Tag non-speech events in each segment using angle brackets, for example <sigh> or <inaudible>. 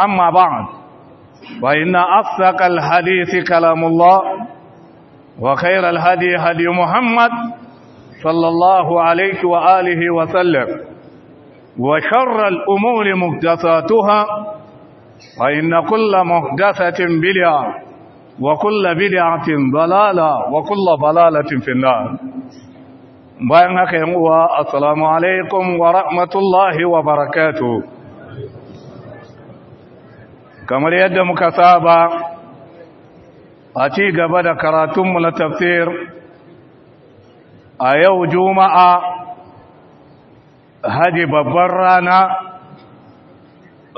أما بعد فإن أصدق الحديث كلام الله وخير الهدي هدي محمد صلى الله عليه وآله وسلم وشر الأمور محدثاتها فإن كل محدثة بلع وكل بلعة ضلالة وكل ضلالة في النار بأنك هو السلام عليكم ورحمة الله وبركاته kamar yadda muka saba a ci gaba da karatunmu na tafsir a yau juma'a haji babban rana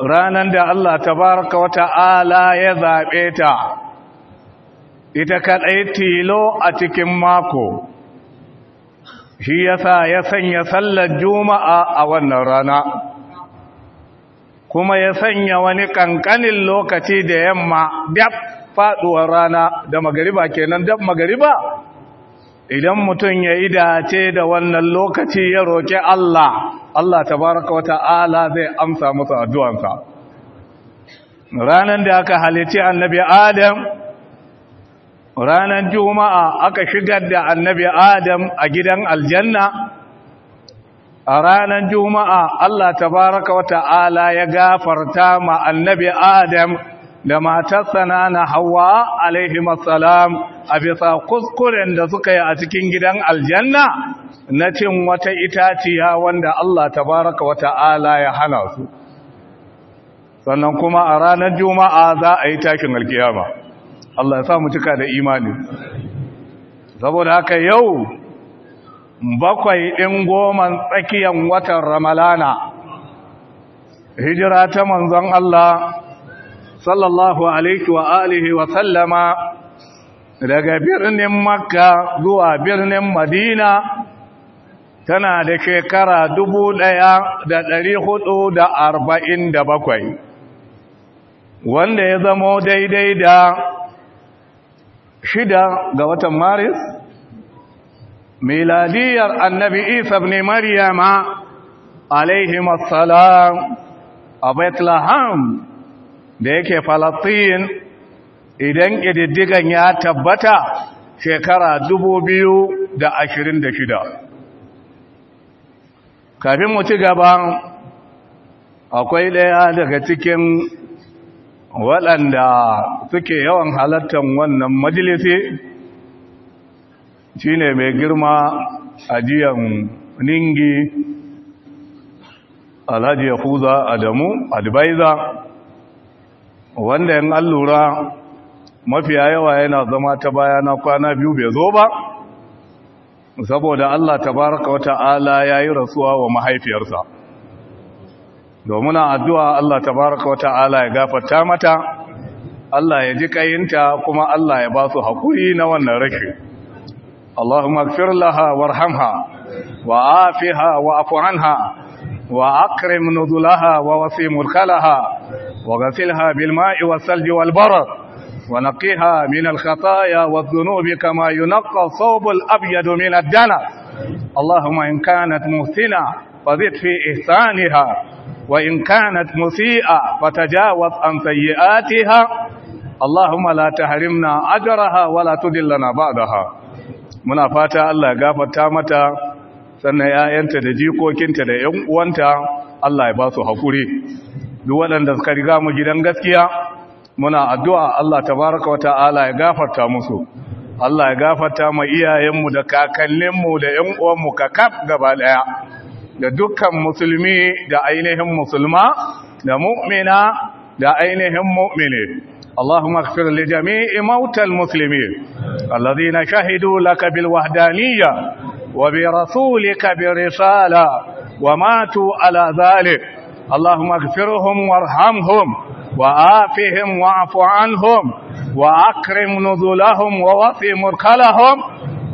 ranar da Allah baraka wata ala ya zaɓe ta ita kaɗai tilo a cikin mako shi yasa ya sanya sallar juma'a a wannan rana kuma ya sanya wani kankanin lokaci da yamma dab faduwar rana da magariba kenan dab magariba idan mutum ya yi dace da wannan lokaci ya roƙe Allah Allah tabaraka wa ta'ala zai amsa masa addu'ansa ranan da aka halice annabi Adam ranan juma'a aka shigar da annabi Adam a gidan aljanna a ranar juma'a Allah tabaraka wa ta'ala ya gafarta ma annabi Adam da matarsa na Hawwa alaihi matsalam a bisa kuskuren da suka yi a cikin gidan aljanna na cin wata itaciya wanda Allah Baraka wa ta'ala ya hana su sannan kuma a ranar juma'a za a yi takin alkiyama Allah ya sa cika da imani saboda haka yau bakwai ɗin goman tsakiyar watan ramalana hijira ta manzon Allah sallallahu alaihi wa alihi wa sallama daga birnin makka zuwa birnin madina tana da shekara dubu ɗaya da ɗari hudu da arba'in da bakwai wanda ya zamo daidai da shida ga watan maris miladiyar annabi isa ne maryama alaihim assalam a bethlehem da yake falastin idan ƙididdigan ya tabbata shekara shida. kafin mu ci gaba akwai ɗaya daga cikin waɗanda suke yawan halattar wannan majalisi Shi ne mai girma ajiyan ningi alhaji yahuza adamu advisor wanda yin allura mafiya yawa yana zama ta baya na kwana biyu bai zo ba saboda Allah Ta tabaraka wa ta'ala yi rasuwa wa mahaifiyarsa domin addu'a Allah Ta baraka wa ta'ala ya gafarta mata Allah ya ji kayinta kuma Allah ya ba su haƙuri na wannan rashin اللهم اغفر لها وارحمها وعافها واعف عنها وأكرم نزلها ووصي مرخلها وغسلها بالماء والثلج والبرد ونقيها من الخطايا والذنوب كما ينقى الصوب الأبيض من الدنس اللهم إن كانت محسنة فزد في إحسانها وإن كانت مسيئة فتجاوز عن سيئاتها اللهم لا تحرمنا أجرها ولا تذلنا بعدها muna fata Allah ya gafarta mata sannan ‘ya'yanta da jikokinta da ‘yan uwanta Allah ya ba su haƙuri duk waɗanda suka riga mu gidan gaskiya muna addu'a Allah tabaraka wata ta'ala ya gafarta musu Allah ya gafarta ma iyayenmu da kakanninmu da ‘yan uwanmu kakaf gaba ɗaya da dukkan musulmi da ainihin musulma da mu'mina da ainihin mu'mini Allahumma kafir li jami'i mautal muslimin الذين شهدوا لك بالوحدانية وبرسولك برسالة وماتوا على ذلك اللهم اغفرهم وارحمهم وآفهم واعف عنهم وأكرم نزلهم ووفي مركلهم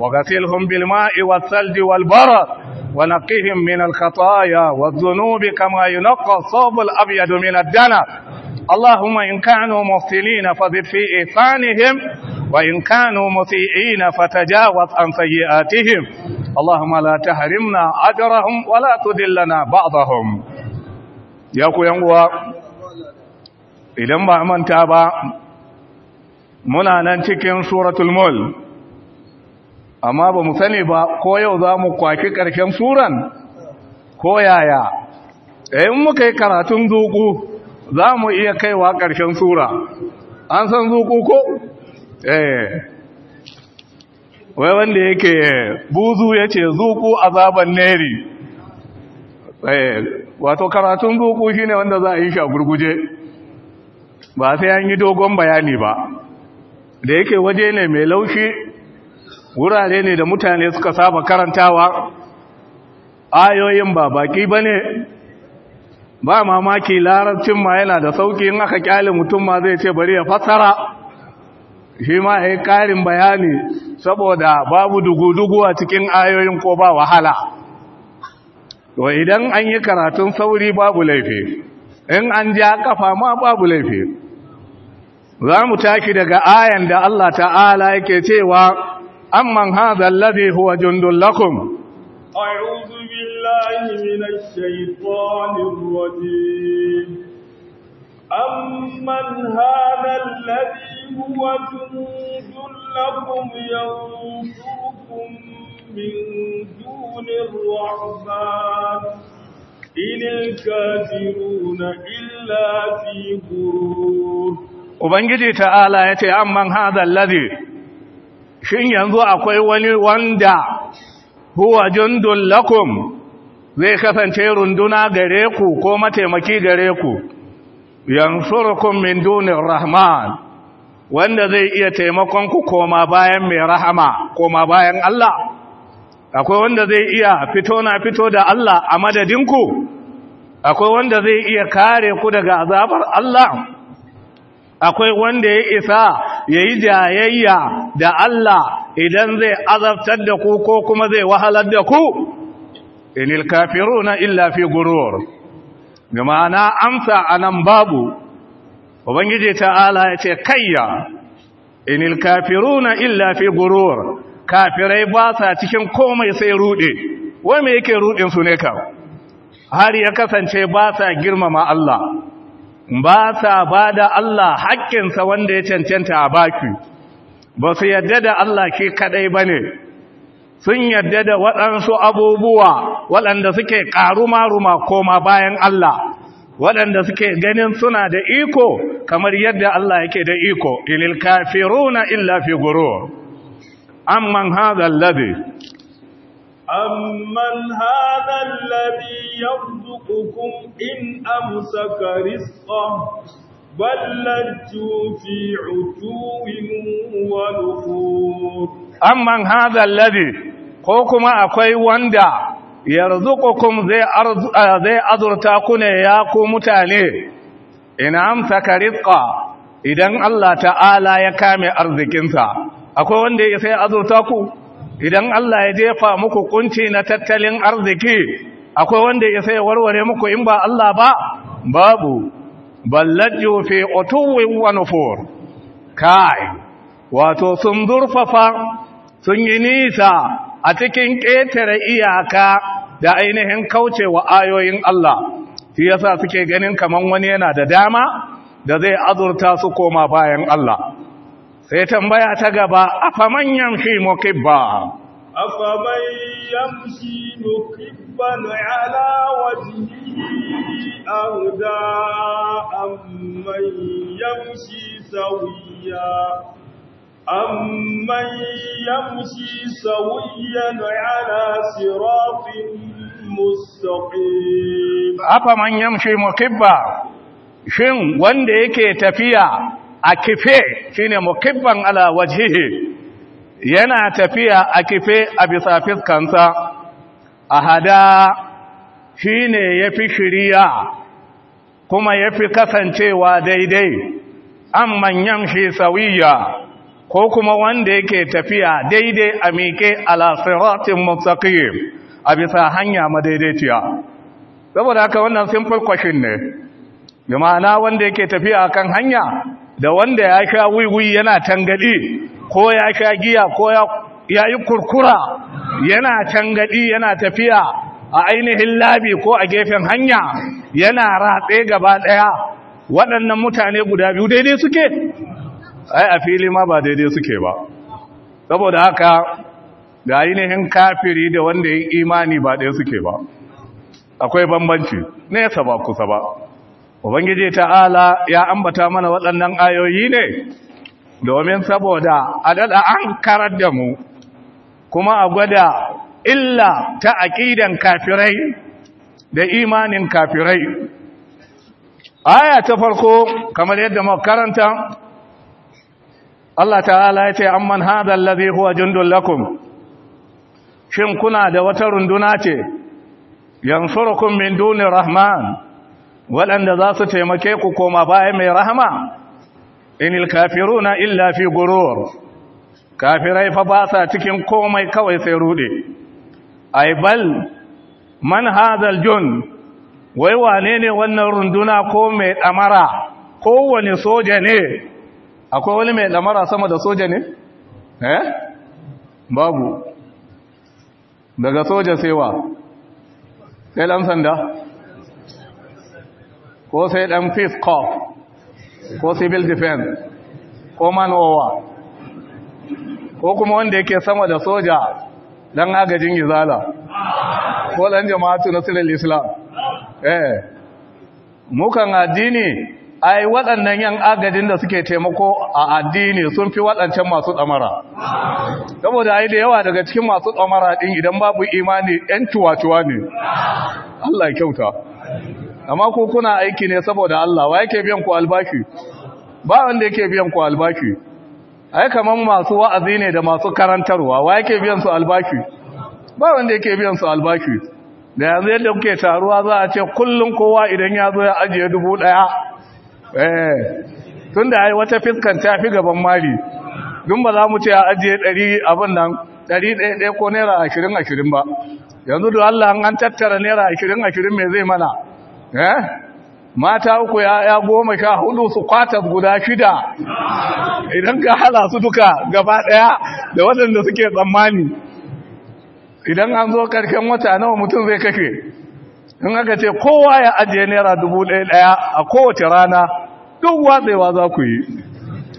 وغسلهم بالماء والثلج والبرد ونقهم من الخطايا والذنوب كما ينقى الصوب الأبيض من الدنس اللهم إن كانوا مفصلين فزد في إحسانهم وإن كانوا مسيئين فتجاوز عن سيئاتهم اللهم لا تحرمنا أجرهم ولا تذلنا بعضهم يا كوينغوا idan ba manta ba muna nan cikin suratul mul amma bamu sani ba ko yau za mu kwaki ƙarshen suran ko yaya eh, in muka yi karatun zuƙu. za mu iya kaiwa ƙarshen sura an san zuku ko? eh wai wanda yake eh, buzu ya ce zuku zaben neri eh, wato karatun zuku ne wanda za a yi sha gurguje ba sai an yi dogon bayani ba da yake waje ne mai laushi wurare ne da mutane suka saba karantawa ayoyin ba baki ba ne ba mamaki larabcin ma yana da sauki in aka kyale mutum ma zai ce bari ya fassara shi ma ya yi ƙarin bayani saboda babu dugudugu a cikin ayoyin ko ba wahala to idan an yi karatun sauri babu laifi in an ja kafa ma babu laifi za mu taki daga ayan da Allah ta'ala yake cewa amman hadha alladhi huwa jundul lakum a'udhu بالله من الشيطان الرجيم أمن هذا الذي هو جند لكم ينصركم من دون الرحمن إن الكافرون إلا في غرور Ubangiji ta'ala ya ce, Amman haɗa lazi, shi yanzu akwai wani wanda huwa jundun lakum zai kasance runduna gare ku ko mataimaki gare ku yansurukum min dunir rahman wanda zai iya taimakon ku koma bayan mai rahama koma bayan Allah akwai wanda zai iya fito na fito da Allah a madadin ku akwai wanda zai iya kare ku daga azabar Allah akwai wanda ya isa yayi jayayya da Allah idan zai azabtar da ku ko kuma zai wahalar da ku inil kafiruna illa fi gurur ma'ana amsa anan babu ubangiji ta'ala ya ce kayya inil kafiruna illa fi gurur kafirai ba sa cikin komai sai rude wai me yake rudin su ne ka? har ya kasance ba sa girmama Allah ba sa ba da Allah haƙƙinsa wanda ya cancanta a baki ba su yadda da Allah ke kaɗai bane sun yarda da waɗansu abubuwa waɗanda suke ƙaruma-ruma koma bayan Allah waɗanda suke ganin suna da iko kamar yadda Allah yake da iko ilil kafiruna illa fi gurur amman hadha alladhi amman hadha alladhi yarzuqukum in amsaka rizqahu بل لجوا في عتو ونفور Amman هذا الذي ko kuma akwai wanda yarzuqukum zai azurta ku ne ya ku mutane ina amsaka rizqa idan Allah ta'ala ya kame arzikinsa akwai wanda ya sai azurta ku idan Allah ya jefa muku kunci na tattalin arziki akwai wanda ya sai warware muku in ba Allah ba babu ballaju fi utuwin wa nufur kai wato sun zurfafa sun yi nisa a cikin ƙetare iyaka da ainihin kaucewa ayoyin Allah fi yasa suke ganin kamar wani yana da dama da zai azurta su koma bayan Allah sai tambaya ta gaba afaman yamshi mukibba afaman yamshi na ala wajhihi a manyan yamshi sauya. أَمَّنْ يَمْشِي سَوِيًّا عَلَى صِرَاطٍ مُسْتَقِيمٍ أَفَمَنْ يَمْشِي مُكِبًّا shin wanda yake tafiya a kife shine mukibban ala wajhihi yana tafiya a kife a bisa fiskansa ahada shine yafi shiriya kuma yafi kasancewa daidai Amma yamshi sawiyya. ko kuma wanda yake tafiya daidai a miƙe ala siratin a bisa hanya madaidaiciya saboda haka wannan simple question ne da ma'ana wanda yake tafiya kan hanya da wanda ya sha wiwi yana tangadi ko ya sha giya ko ya yi kurkura yana tangadi yana tafiya a ainihin labi ko a gefen hanya yana ratse gaba daya waɗannan mutane guda biyu daidai suke ai a fili ma ba daidai suke ba saboda haka da ainihin kafiri da wanda ya imani ba ɗaya suke ba akwai bambanci nesa ba kusa ba ubangiji ta'ala ya ambata mana waɗannan ayoyi ne domin saboda a daɗa an karar da mu kuma a gwada illa ta aƙidan kafirai da imanin kafirai aya ta farko kamar yadda makaranta Allah ta'ala ya ce amman hadha allazi huwa jundul lakum shin kuna da wata runduna ce yansurukum min duni rahman waɗanda za su taimake ku koma baya mai rahama inil kafiruna illa fi gurur kafirai fa ba sa cikin komai kawai sai rude ai bal man hadha aljun wai wane ne wannan runduna ko mai ɗamara? kowane soja ne akwai wani mai lamara sama da soja ne eh babu daga soja wa sai dan sanda ko sai dan peace corps ko civil defense ko manowa ko kuma wanda yake sama da soja dan agajin izala ko dan jama'atu nasirar islam eh mukan addini ai waɗannan yan agajin da suke taimako a addini sun fi waɗancan masu tsamara saboda ai da yawa daga cikin masu tsamara ɗin idan babu imani 'yan cuwa-cuwa ne Allah kyauta amma ku, kuna aiki ne saboda Allah wa yake biyan ku albashi ba wanda yake biyan ku albashi ai kaman masu wa'azi ne da masu karantarwa wa yake biyan su albashi ba wanda yake biyan su albashi da yanzu yadda kuke taruwa za a ce kullum kowa idan ya zo ya ajiye dubu ɗaya eh tun da ai wata fiskan ta fi gaban mali dun ba za mu ce a ajiye ɗari abin nan ɗari ko naira ashirin ashirin ba yanzu da Allah an tattara naira ashirin ashirin me zai mana eh mata uku ya goma sha hudu su kwata guda shida idan ka hala su duka gaba ɗaya da waɗanda suke tsammani idan an zo karshen wata nawa mutum zai kashe in aka ce kowa ya ajiye naira dubu ɗaya ɗaya a kowace rana duk watsewa za ku yi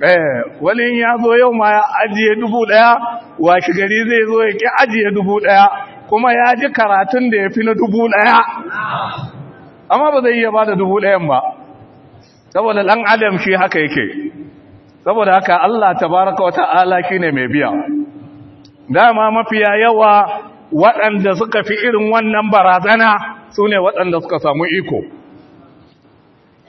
eh, wani ya zo yau ma ya ajiye dubu ɗaya washi gari zai zo ya ajiye dubu ɗaya kuma ya ji karatun da ya fi na dubu ɗaya amma ba zai iya ba da dubu ɗayan ba saboda dan adam shi haka yake saboda haka Allah Ta baraka tabaraka wata'ala shine mai biya dama mafiya yawa waɗanda suka fi irin wannan barazana su ne waɗanda suka samu iko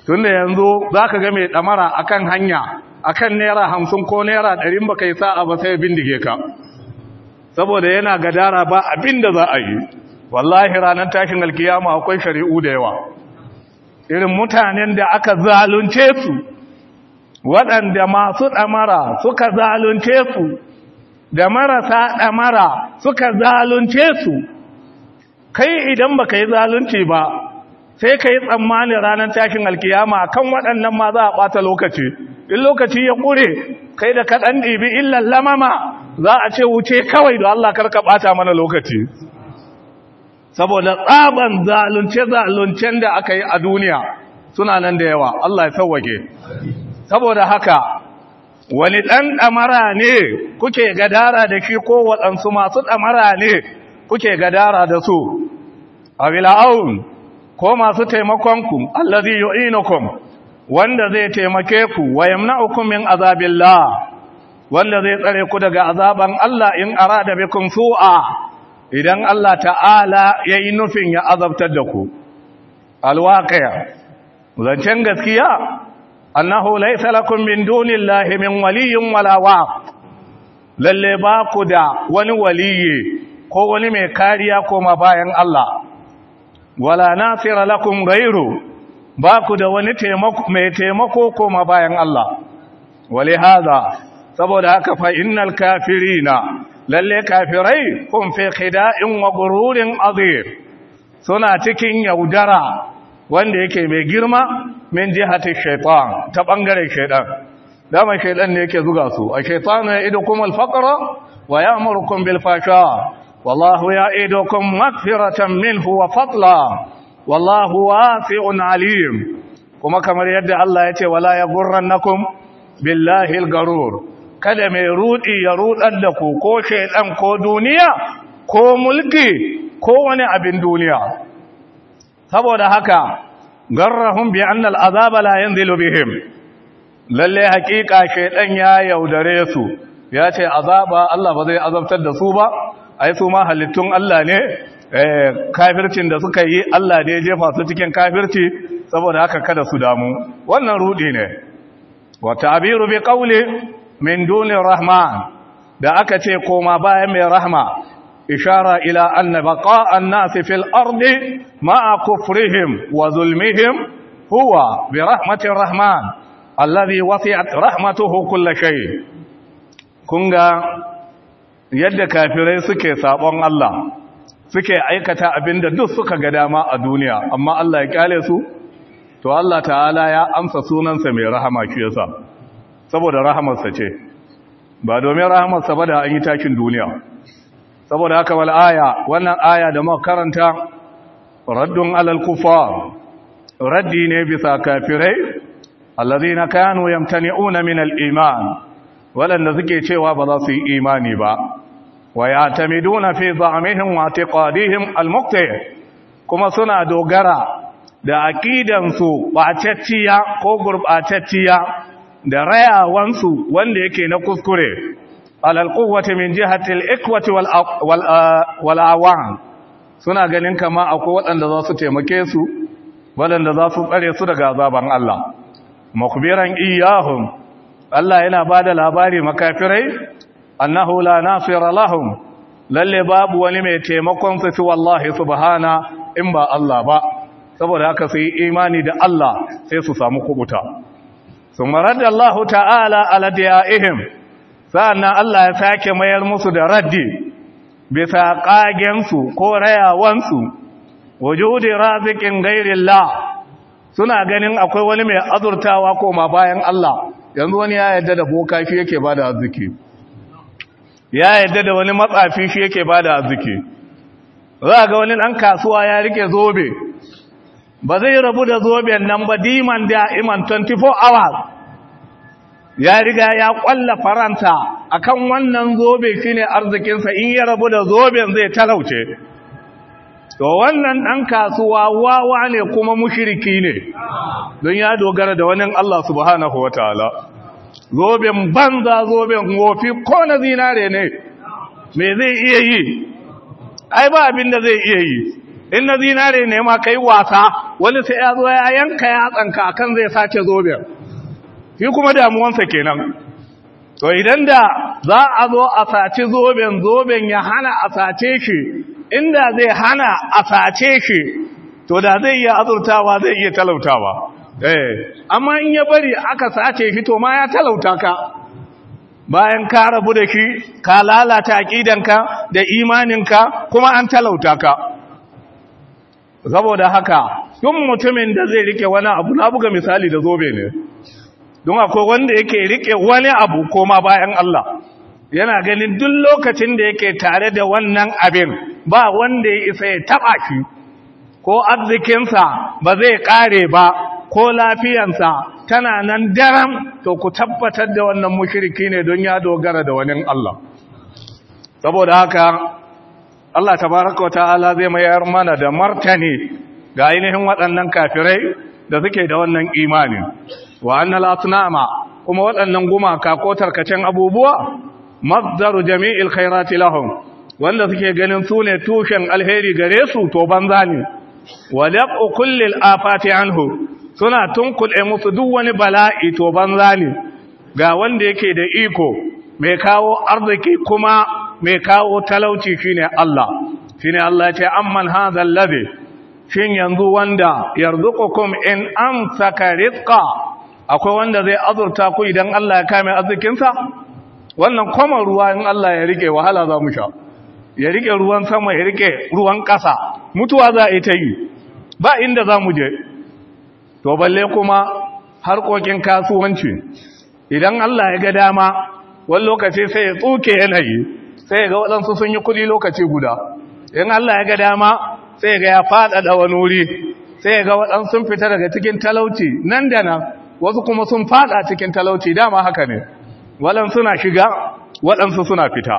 tunda yanzu za ka ga mai damara kan hanya a kan naira hamsin ko naira ɗarin baka yi sa'a ba sai bindige ka saboda yana gadara ba abin da za a yi wallahi ranar tashin alkiyama akwai shari'u da yawa irin mutanen da aka zalunce su waɗanda masu ɗamara suka zalunce su da marasa ɗamara suka zalunce su kai idan baka yi zalunci ba sai ka yi tsammanin ranar tashin alkiyama kan waɗannan ma za a ɓata lokaci in lokaci ya ƙure kai da kaɗan ɗibi illan lamama za a ce wuce kawai da Allah karka ɓata mana lokaci saboda tsaban zalunce-zaluncen da aka yi a duniya suna nan da yawa Allah ya sauwake saboda haka wani ɗan ɗamara ne kuke gadara da shi ko waɗansu masu ɗamara ne kuke gadara da su a bila'aun ko masu taimakonku allazi yu'inukum wanda zai taimake ku wa yamna'ukum min azabillah wanda zai tsare ku daga azaban Allah in arada bikum su'a idan Allah ta'ala yayi nufin ya azabtar da ku alwaqi'a zancen gaskiya annahu laysa lakum min dunillahi min waliyyin wala waq lalle ba ku da wani waliyi ko wani mai kariya ko ma bayan Allah wala nasira lakum ghairu ba ku da wani taimako mai taimako koma bayan Allah wali hada saboda haka fa innal kafirina lalle kafirai kun fi khida'in wa gururin azim suna cikin yaudara wanda yake mai girma min jihati shaitan ta bangaren shaitan dama shaitan ne yake zuga su a shaitanu ya idukum al-faqra wa ya'murukum bil fasha والله يعيدكم مغفرة منه وفضلا والله si'un عليم kuma kamar yadda Allah ya ce wala ya gurrannakum billahi garur kada mai rudi ya rudar da ku ko shedan ko duniya ko mulki ko wani abin duniya saboda haka garrahum bi anna al-azaba la yanzilu bihim lalle hakika shedan ya yaudare su ya ce azaba Allah ba zai azabtar da su ba ai su ma halittun Allah ne eh, kafircin da suka yi Allah da ya jefa su cikin kafirci saboda haka kada su damu wannan rudi ne wa ta'biru bi qawli min dunin rahman da aka ce koma bayan mai rahma ishara ila anna an-nasi fil ardi ma'a kufrihim wa zulmihim huwa bi rahmatin rahman allazi wasi'at rahmatuhu kull kun kunga yadda kafirai suke sabon Allah suke aikata abinda duk suka ga dama a duniya amma Allah ya kyale su to Allah ta'ala ya amsa sunansa mai rahama shi yasa saboda rahamarsa ce ba domin rahamarsa ba da an yi takin duniya saboda haka wal aya wannan aya da muka karanta raddun alal kufar raddi ne bisa kafirai allazina kanu yamtani'una min al-iman waɗanda suke cewa ba za su yi imani ba ويعتمدون في ضعمهم واعتقادهم المقتع كما سنا دوغرا da aqidansu ɓatacciya ko gurɓatacciya da rayawansu wanda yake na kuskure alal quwwati min jihati ikwati wal suna ganin kama akwai waɗanda za su taimake su waɗanda za su tsare su daga zaben Allah mukbiran iyahum Allah yana bada labari makafirai annahu la nasira lahum lalle babu wani mai taimakon su fi wallahi subhana in ba Allah ba saboda haka sai imani da Allah sai su samu kubuta sun maradda Allah ta'ala ala diya'ihim sannan Allah ya sake mayar musu da raddi bisa ƙagensu ko rayawansu wujudi razikin gairillah suna ganin akwai wani mai azurtawa ko ma bayan Allah yanzu wani ya yadda da bokafi yake bada arziki ya yadda da wani matsafi shi yake ba da arziki za ga wani ɗan kasuwa ya rike zobe ba zai rabu da zobe nan ba diman da iman 24 hours ya riga ya ƙwalla faranta kan wannan zobe shine arzikinsa in ya rabu da zobe zai talauce to wannan ɗan kasuwa wawa ne kuma mushiriki ne don ya dogara da wani Allah subhanahu wa ta'ala zoben banza zoben wofi ko na zinare ne me zai iya yi ai ba abin da zai iya yi in na zinare ne ma kai wasa wani sai ya zo ya yanka ya tsanka akan zai sake zoben shi kuma damuwansa kenan to idan da za a zo a sace zoben zoben ya hana a sace shi inda zai hana a sace shi to da zai iya azurtawa zai iya talautawa eh amma in ya bari aka sace fito ma ya talauta ka bayan ka rabu da shi, ka lalata aqidanka da imaninka kuma an talauta ka saboda haka duk mutumin da zai rike wani abu na buga misali da zobe ne don akwai wanda yake rike wani abu koma bayan Allah yana ganin duk lokacin da yake tare da wannan abin ba wanda ya isa ya taba shi ko arzikinsa ba zai kare ba ko lafiyansa tana nan daram to ku tabbatar da wannan mushriki ne don ya dogara da wani Allah saboda haka Allah tabaraka ta'ala zai mayar mana da martani ga ainihin waɗannan kafirai da suke da wannan imani wa annal asnama kuma waɗannan gumaka ko tarkacen abubuwa mazdaru jami'il khairati lahum wanda suke ganin sune tushen alheri gare su to banza ne wa laqu kullil afati anhu suna tunkuɗe musu duk wani bala'i to banza ne ga wanda yake da iko mai kawo arziki kuma mai kawo talauci shine Allah Shin Allah ce amman ha zallabe? shin yanzu wanda yarzuqukum in saka rizqa akwai wanda zai azurta ku idan Allah ya kame arzikinsa wannan kwamar ruwa in Allah ya rike wahala za mu sha ya rike ruwan sama ya rike ruwan ƙasa mutuwa za a yi ta yi ba inda za mu je to balle kuma harkokin kasuwanci idan Allah ya ga dama wani lokaci sai ya tsuke yanayi sai ya ga waɗansu sun yi kuɗi lokaci guda in Allah ya ga dama sai ya ga ya faɗaɗa wani wuri sai ya ga waɗansu sun fita daga cikin talauci nan da nan wasu kuma sun faɗa cikin talauci dama haka ne waɗansu suna shiga waɗansu suna fita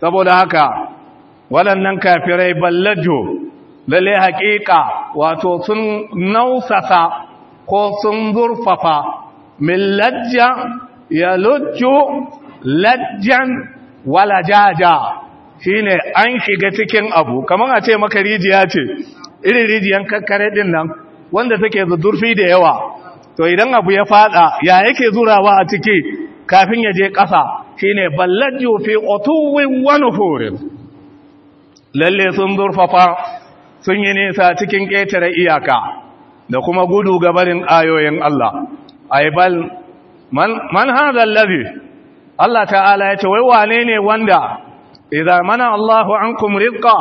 saboda haka waɗannan kafirai ballajo lalle haƙiƙa wato sun nausasa ko sun zurfafa min lajja ya lujju lajjan wala jaja shine an shiga cikin abu kamar a ce maka rijiya ce irin rijiyan kakkare din nan wanda take zurfi da yawa to idan abu ya fada ya yake zurawa a ciki kafin ya je ƙasa shine ballajju fi otuwin wani horin lalle sun zurfafa sun yi nisa cikin ƙetare iyaka da kuma gudu gabarin ayoyin Allah aibal man man hadha Allah ta'ala ya ce wai wane ne wanda Idan mana Allahu an rizqa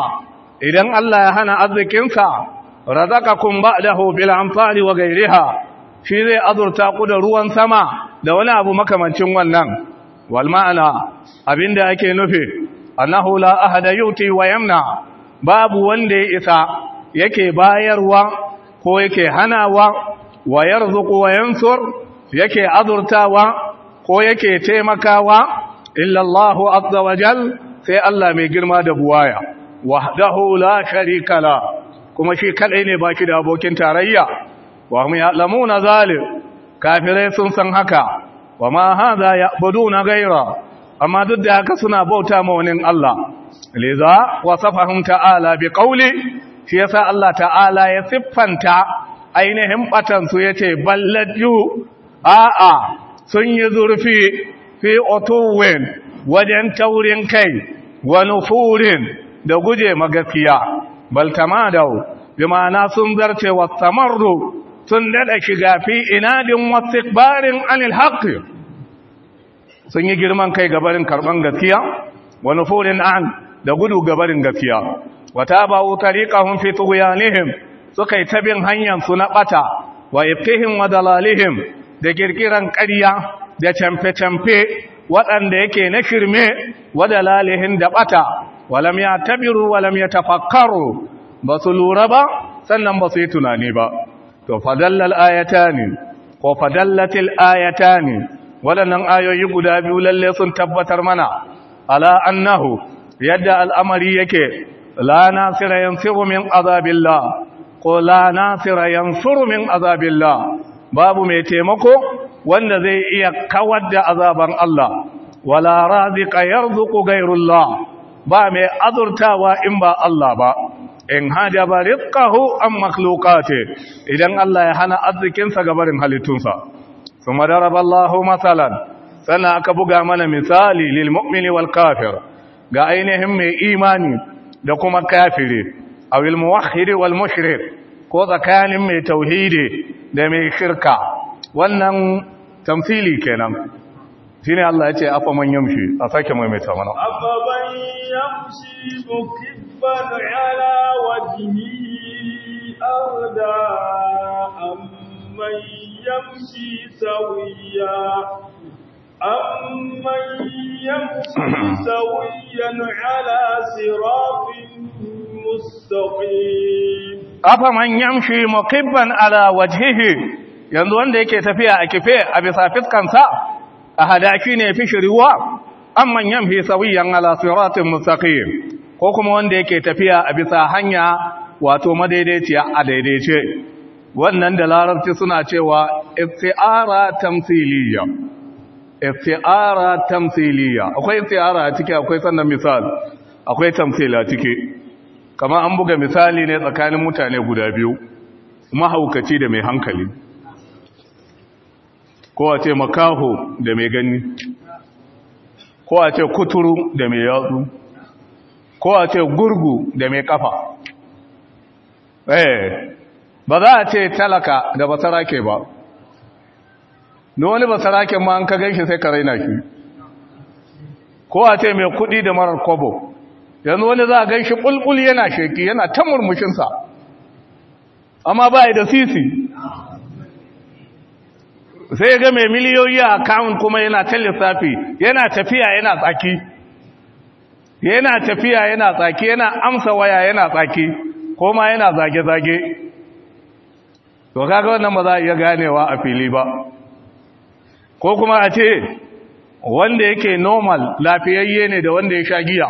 idan Allah ya hana arzikinsa razaka kun ba da hobila amfani wa gairiha. shi zai azurta ku da ruwan sama da wani abu makamancin wannan wal ma'ana da ake nufi annahu la ahada yuti wa yamna babu wanda ya isa yake bayarwa ko yake hanawa wa yarzuqu wa yansur yake azurtawa ko yake taimakawa illa Allahu azza wa jal sai Allah mai girma da buwaya wahdahu la sharika la kuma shi kadai ne baki da abokin tarayya wa hum ya'lamuna zalim kafirai sun san haka wa ma hadha ya'buduna ghayra amma duk da haka suna bauta ma wani Allah liza wasafahum ta'ala bi shi yasa Allah ta'ala ya siffanta ainihin batan su yace ballaju a'a sun yi zurfi fi otuwin wajen taurin kai wa nufurin da guje magafiya bal tamadau bi ma'ana sun zarce wasamarru sun daɗa shiga fi inadin wastiqbarin anil haqqi sun yi girman kai gabarin karban gaskiya wa nufurin an da gudu gabarin gaskiya wata ba'u tariqahum fi tughyanihim suka yi tabin hanyar su na ɓata, wa ibtihim wa dalalihim da ƙirƙiran ƙarya da camfe-camfe waɗanda yake na shirme wa dalalihin da bata walam ya tabiru walam ya tafakkaru ba su lura ba sannan ba su yi tunani ba to fadallal ne ko fadallatil ne. waɗannan ayoyi guda biyu lalle sun tabbatar mana ala annahu yadda al'amari yake la nasira yansiru min azabillah ko lana sirayen yansuru min babu mai taimako wanda zai iya kawar da azaban Allah wala raziqa yarzuqu ghayrullah ba mai azurtawa in ba Allah ba in hada ba rikahu am makhluqati idan Allah ya hana arzikinsa ga barin halittunsa kuma daraba Allahu masalan sana aka buga mana misali lil mu'mini wal kafir ga ainihin mai imani da kuma kafire a wilmuwahiri wal mushrik ko tsakanin mai tauhidi da mai shirka wannan tamsili kenan shine Allah ya ce afa man yamshi a sake mai mai tsamana afa man yamshi mukibban ala wajhi arda amman yamshi sawiya أَمَّنْ يمشي <coughs> سويا على صراط مستقيم أفمن يمشي مقبا على yanzu wanda yake tafiya a kife a bisa fiskansa a hadaki ne fi shiriwa An manyan fi ala siratin musaƙi ko kuma wanda yake tafiya a bisa hanya wato madaidaiciya a daidaice wannan da larabci suna cewa istiara tamsiliyya isti'ara tamthiliya akwai isti'ara a ciki akwai sannan misal akwai tamthila ciki kamar an buga misali ne tsakanin mutane guda biyu mahaukaci da mai hankali ko a ce makaho da mai gani ko a ce kuturu da mai yatsu ko a ce gurgu da mai kafa eh ba za a ce talaka da basara ke ba da wani sarakin ma an ka ganshi sai ka raina shi ko a ce mai kuɗi da marar kobo. yanzu wani za a ganshi ƙulƙul yana sheki yana ta murmushinsa amma ba da sisi sai ga mai miliyoyi a akawun kuma yana ta lissafi yana tafiya yana tsaki yana tafiya yana tsaki yana amsa waya yana tsaki ma yana zage-zage to kaga wannan ba za a iya ganewa a fili ba ko kuma a ce wanda yake normal lafiyayye ne da wanda ya sha giya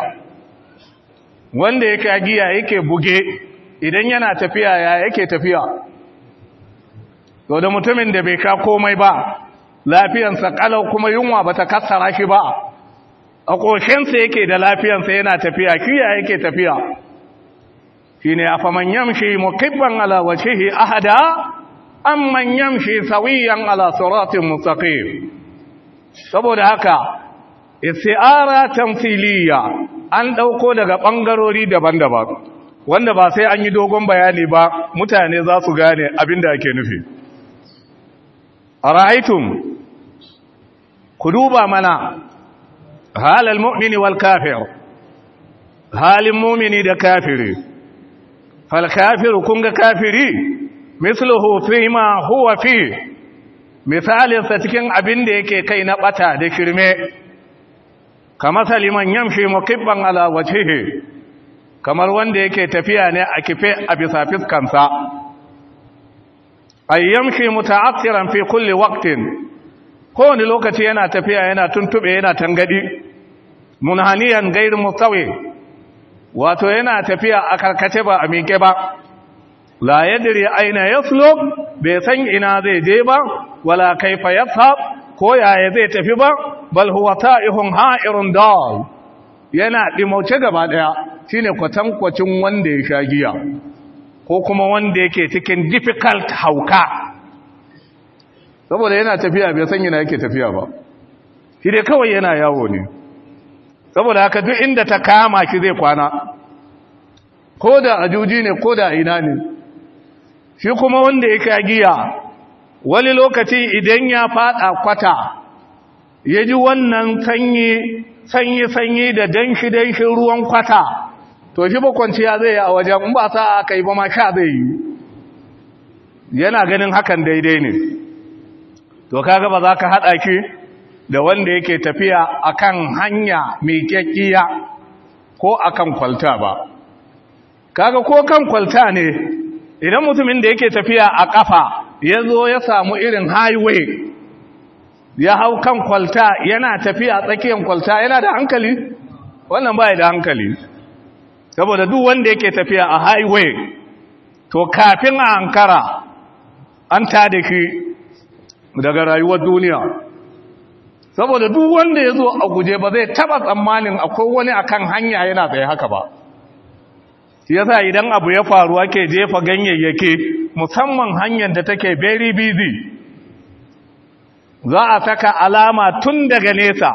wanda ya sha giya yake buge idan yana tafiya ya yake tafiya to mutumin da bai ka komai ba lafiyansa kalau kuma yunwa bata kassara shi ba a ƙoshinsa yake da lafiyansa yana tafiya kiya yake tafiya shine afaman yamshi mukibban ala wajhihi ahada amman yamshi sawiyan ala siratin mustaqim saboda haka isti'ara tamthiliya an ɗauko daga ɓangarori daban-daban wanda ba sai an yi dogon bayani ba mutane za su gane abin da ake nufi A ra'aitun ku duba mana halal mu'mini wal kafir halin mu'mini da kafiri fal kafir kun ga kafiri misluhu ma huwa fi misalinsa cikin abin da yake kai na bata da shirme kama saliman yamshi mukibban ala wajhihi kamar wanda yake tafiya ne a kife a bisa fiskansa ay yamshi muta'akhiran fi kulli waqtin kowane lokaci yana tafiya yana tuntube yana tangadi munhaniyan ghayr mustawi wato yana tafiya a karkace ba a miƙe ba la yadri aina yaslub bai san ina zai je ba wala kaifa yashab ko yaya zai tafi ba bal huwa ta'ihun ha'irun dal yana dimauce gaba daya shine kwatankwacin wanda ya sha giya ko kuma wanda yake cikin difficult hauka saboda yana tafiya bai san ina yake tafiya ba shi dai kawai yana yawo ne saboda haka duk inda ta kama ki zai kwana ko da ajuji ne ko da ina ne shi kuma wanda ya kagiya wani lokaci idan ya fada kwata ya ji wannan sanyi-sanyi da danshi-danshin ruwan kwata to shi ba kwanciya zai yi a wajen in ba sa aka yi ba ma sha zai yi yana ganin hakan daidai ne to kaga ba za ka haɗa ki da wanda yake tafiya akan hanya mai kyakkiya ko akan kwalta ba kaga ko kan kwalta ne idan mutumin da yake tafiya a ƙafa ya zo ya samu irin highway ya hau kan kwalta yana tafiya tsakiyar kwalta yana da hankali wannan ba da hankali saboda duk wanda yake tafiya a highway to kafin a hankara an da ke daga rayuwar duniya saboda duk wanda ya zo a guje ba zai taba tsammanin akwai wani akan hanya yana tsaye haka ba yasa idan abu ya faru ake jefa ganyayyaki musamman hanyar da take very busy za a saka alama tun daga nesa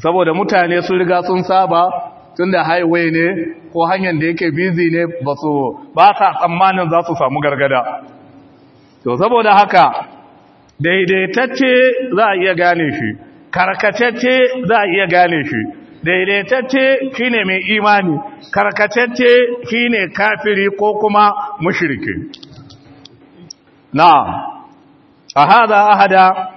saboda mutane sun riga sun saba tun da highway ne ko hanyar da yake busy ne ba su ba sa tsammanin za su samu gargada to saboda haka daidaitacce za a iya gane shi karkatacce za a iya gane shi daidaitacce shine mai imani karkatacce shine kafiri ko kuma mushriki na'am Allah أهدا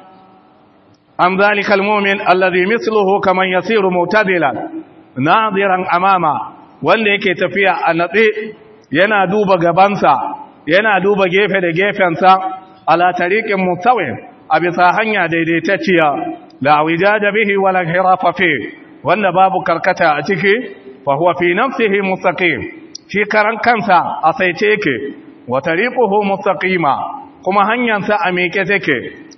أم ذلك kamar الذي مثله كمن يسير Na ناظرا amama wanda yake tafiya a natse yana duba gabansa yana duba gefe da gefensa ala tariqin mutawin a bisa hanya daidaitacciya la wijada bihi wala hirafa fi wanda babu karkata a ciki fa huwa fi nafsihi mustaqim shi karan kansa a saice yake wa tariquhu mustaqima kuma hanyarsa a miƙe take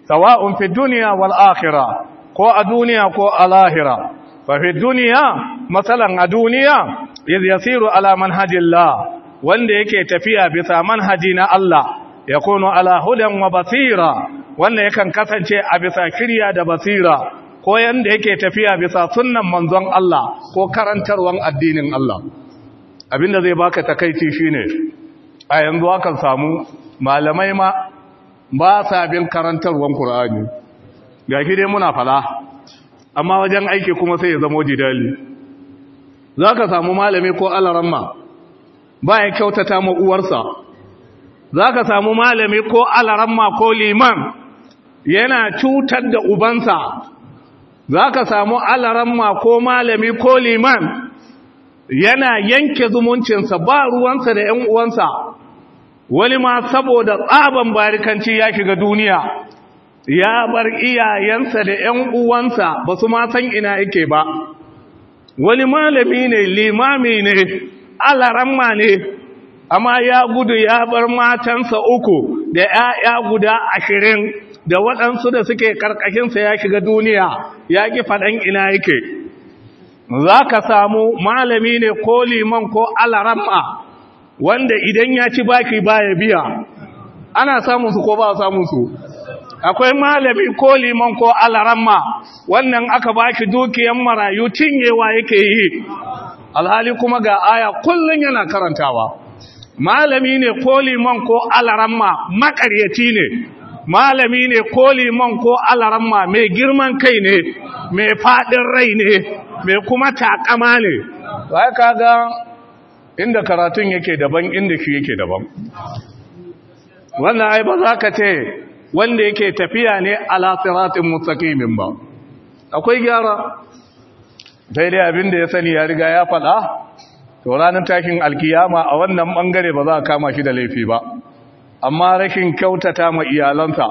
sawa'un fi dunya wal akhirah ko a duniya ko a lahira fa fi dunya masalan a duniya iz yasiru ala manhajillah wanda yake tafiya bisa manhaji na Allah yakunu ala hudan wa basira wanda yakan kasance a bisa kirya da basira ko yanda yake tafiya bisa sunnan manzon Allah ko karantarwan addinin Allah abinda zai baka takaici shine a yanzu akan samu malamai ma ba sa bin karantarwan Qur'ani ga dai muna fala amma wajen aiki kuma sai ya zama jidali zaka samu malami ko alaramma ba ya kyautata ma uwarsa zaka samu malami ko alaramma ko liman yana cutar da ubansa za ka samu alaramma ko malami ko liman yana yanke zumuncinsa ba ruwansa da ‘yan uwansa wani ma saboda tsaban barikanci ya shiga duniya ya bar iyayensa da ‘yan uwansa ba su ma san ina yake ba wani malami ne limami ne alaramma ne amma ya gudu ya bar matansa uku da ‘ya'ya guda ashirin da waɗansu da suke ƙarƙashinsa ya shiga duniya ya ƙi faɗan ina yake za ka samu malami ne ko liman ko alarama wanda idan ya ci baki baya biya ana samunsu ko ba samunsu akwai malami ko liman ko alarama wannan aka baki dukiyan marayu cinyewa yake yi alhali kuma ga aya kullum yana karantawa malami ne ko liman ko alaramma makaryaci ne malami ne ko liman ko alaramma mai girman kai ne mai faɗin rai ne mai kuma takama ne ba kaga inda karatun yake daban inda shi yake daban wannan ai ba za ka ce wanda yake tafiya ne ala siratin mustaqimin ba akwai gyara daidai abinda ya sani ya riga ya faɗa to ranar takin alkiyama a wannan bangare ba za a kama shi da laifi ba amma rashin kyautata ma iyalansa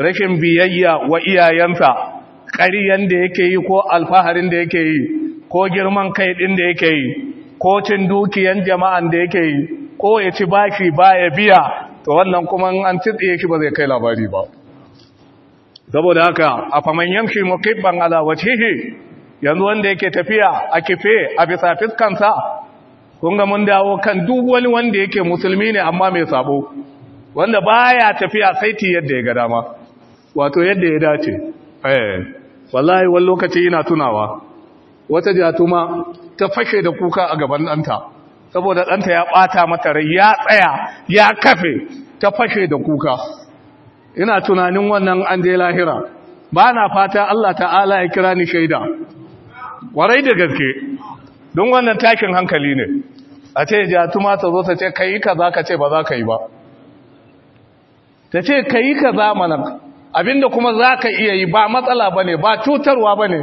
rashin biyayya wa iyayensa ƙaryan da yake yi ko alfaharin da yake yi ko girman kai ɗin da yake yi ko cin dukiyan jama'an da yake yi ko ya ci bashi ba ya biya to wannan kuma an tsitsiye shi ba zai kai labari ba saboda haka a faman yamshi muqibban ala wajhihi yanzu wanda yake tafiya a kife a bisa fiskansa kun ga mun dawo kan duk wani wanda yake musulmi ne amma mai sabo wanda baya tafiya sai saiti yadda ya ga dama wato yadda ya dace eh wallahi wani lokaci ina tunawa wata jatuma ta fashe da kuka a gaban ɗanta saboda ɗanta ya ɓata mata rai ya tsaya ya kafe ta fashe da kuka ina tunanin wannan an je lahira ba na fata Allah ta'ala ya kira ni shaida warai da gaske don wannan tashin hankali ne a ce jatuma ta zo ta ce kai kaza ka ce ba za ka yi ba ta ce ka yi ka zamanar abinda kuma za ka iya yi ba matsala ba ne ba cutarwa ba ne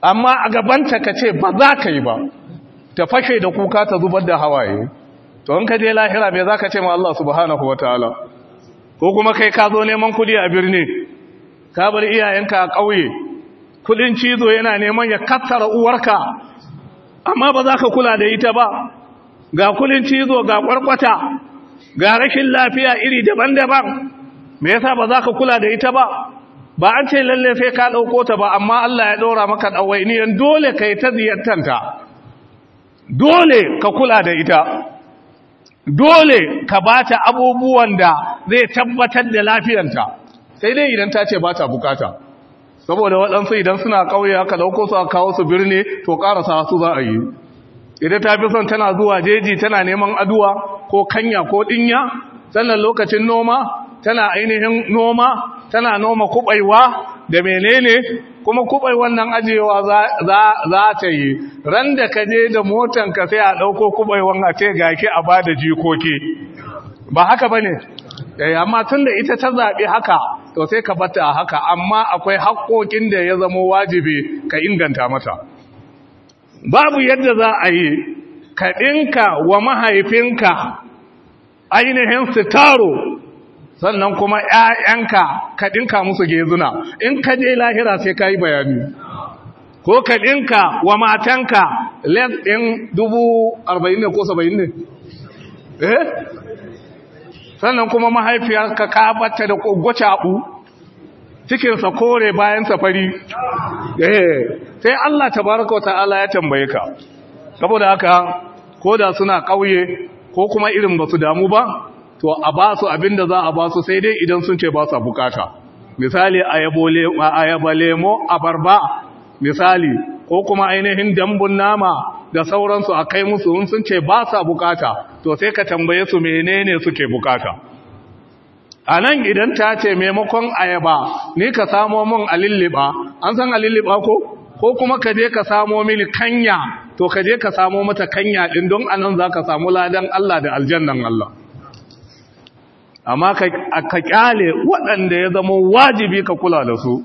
amma a gabanta ka ce ba za ka yi ba ta fashe da kuka ta zubar da hawaye to in ka je lahira mai za ka ce ma Allah subhanahu wa ta'ala ko kuma kai ka zo neman kudi a birni ka bar iyayenka a ƙauye kudin cizo yana neman ya kattara uwarka amma ba za ka kula da ita ba ga kudin cizo ga kwarkwata ga rashin lafiya iri daban-daban me yasa ba za ka kula da ita ba ba an ce lalle sai ka ɗauko ta ba amma Allah ya ɗora maka ɗawainiyan dole ka yi ta ziyartanta dole ka kula da ita dole ka ba ta abubuwan da zai tabbatar da lafiyanta sai dai idan ta ce ba ta bukata saboda waɗansu idan suna ƙauye aka ɗauko su a kawo su birni to ƙarasa su za a yi idan ta fi son tana zuwa jeji tana neman aduwa ko kanya ko dinya sannan lokacin noma tana ainihin noma tana noma kubaiwa da menene kuma kubai wannan ajewa za ta yi ran da ka je da motan ka sai a ɗauko wan a ce gaki a bada jikoki ba haka bane ne eh, amma tun da ita ta zaɓi haka to sai ka bata haka amma akwai haƙoƙin da ya zama wajibi ka inganta mata babu yadda za a yi ka ɗinka wa mahaifinka ainihin sitaro sannan kuma ‘ya'yanka ka ɗinka musu gezuna in ka je lahira sai ka yi bayani ko ka ɗinka wa matanka lef ɗin dubu arba'in ne ko saba'in ne eh sannan kuma mahaifiyarka ka bata da gwacaɓu cikinsa kore bayan safari eh, sai Allah baraka wa ta'ala ya tambaye ka saboda haka ko da suna ƙauye ko kuma irin ba su damu ba to a ba su abin za a ba su sai dai idan sun ce ba su bukata misali ayaba lemo abarba misali ko kuma ainihin dambun nama da sauransu a kai musu sun ce ba su bukata to sai ka tambaye su menene suke bukata a nan idan ta ce maimakon ayaba ni ka samo mun alilliba an san alilliba ko ko kuma ka je ka samo mini kanya to ka je ka samo mata kanya din don anan za ka samu ladan Allah da aljannan Allah amma ka kyale waɗanda ya zama wajibi ka kula da su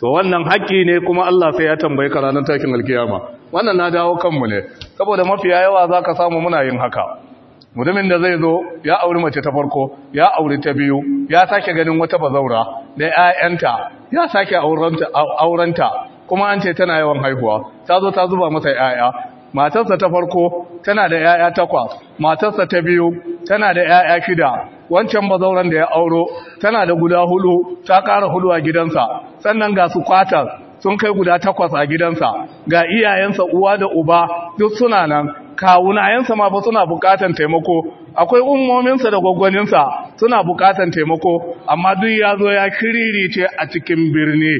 to wannan haƙƙi ne kuma Allah sai ya tambaye ka ranar takin alkiyama wannan na dawo kanmu ne saboda mafi yawa za ka samu muna yin haka mutumin da zai zo ya auri mace ta farko ya auri ta biyu ya sake ganin wata bazaura da 'ya'yanta ya sake aurenta kuma an ce tana yawan haihuwa ta zo ta zuba masa yaya matarsa ta farko tana da yaya takwas matarsa ta biyu tana da yaya shida wancan bazauran da ya auro tana da guda hudu ta ƙara hudu a gidansa sannan ga su kwatar sun kai guda takwas a gidansa ga iyayensa uwa da uba duk suna nan kawunayensa ma fa suna bukatan taimako akwai ummominsa da gwaggwaninsa suna bukatan taimako amma duk ya zo ya kiririce a cikin birni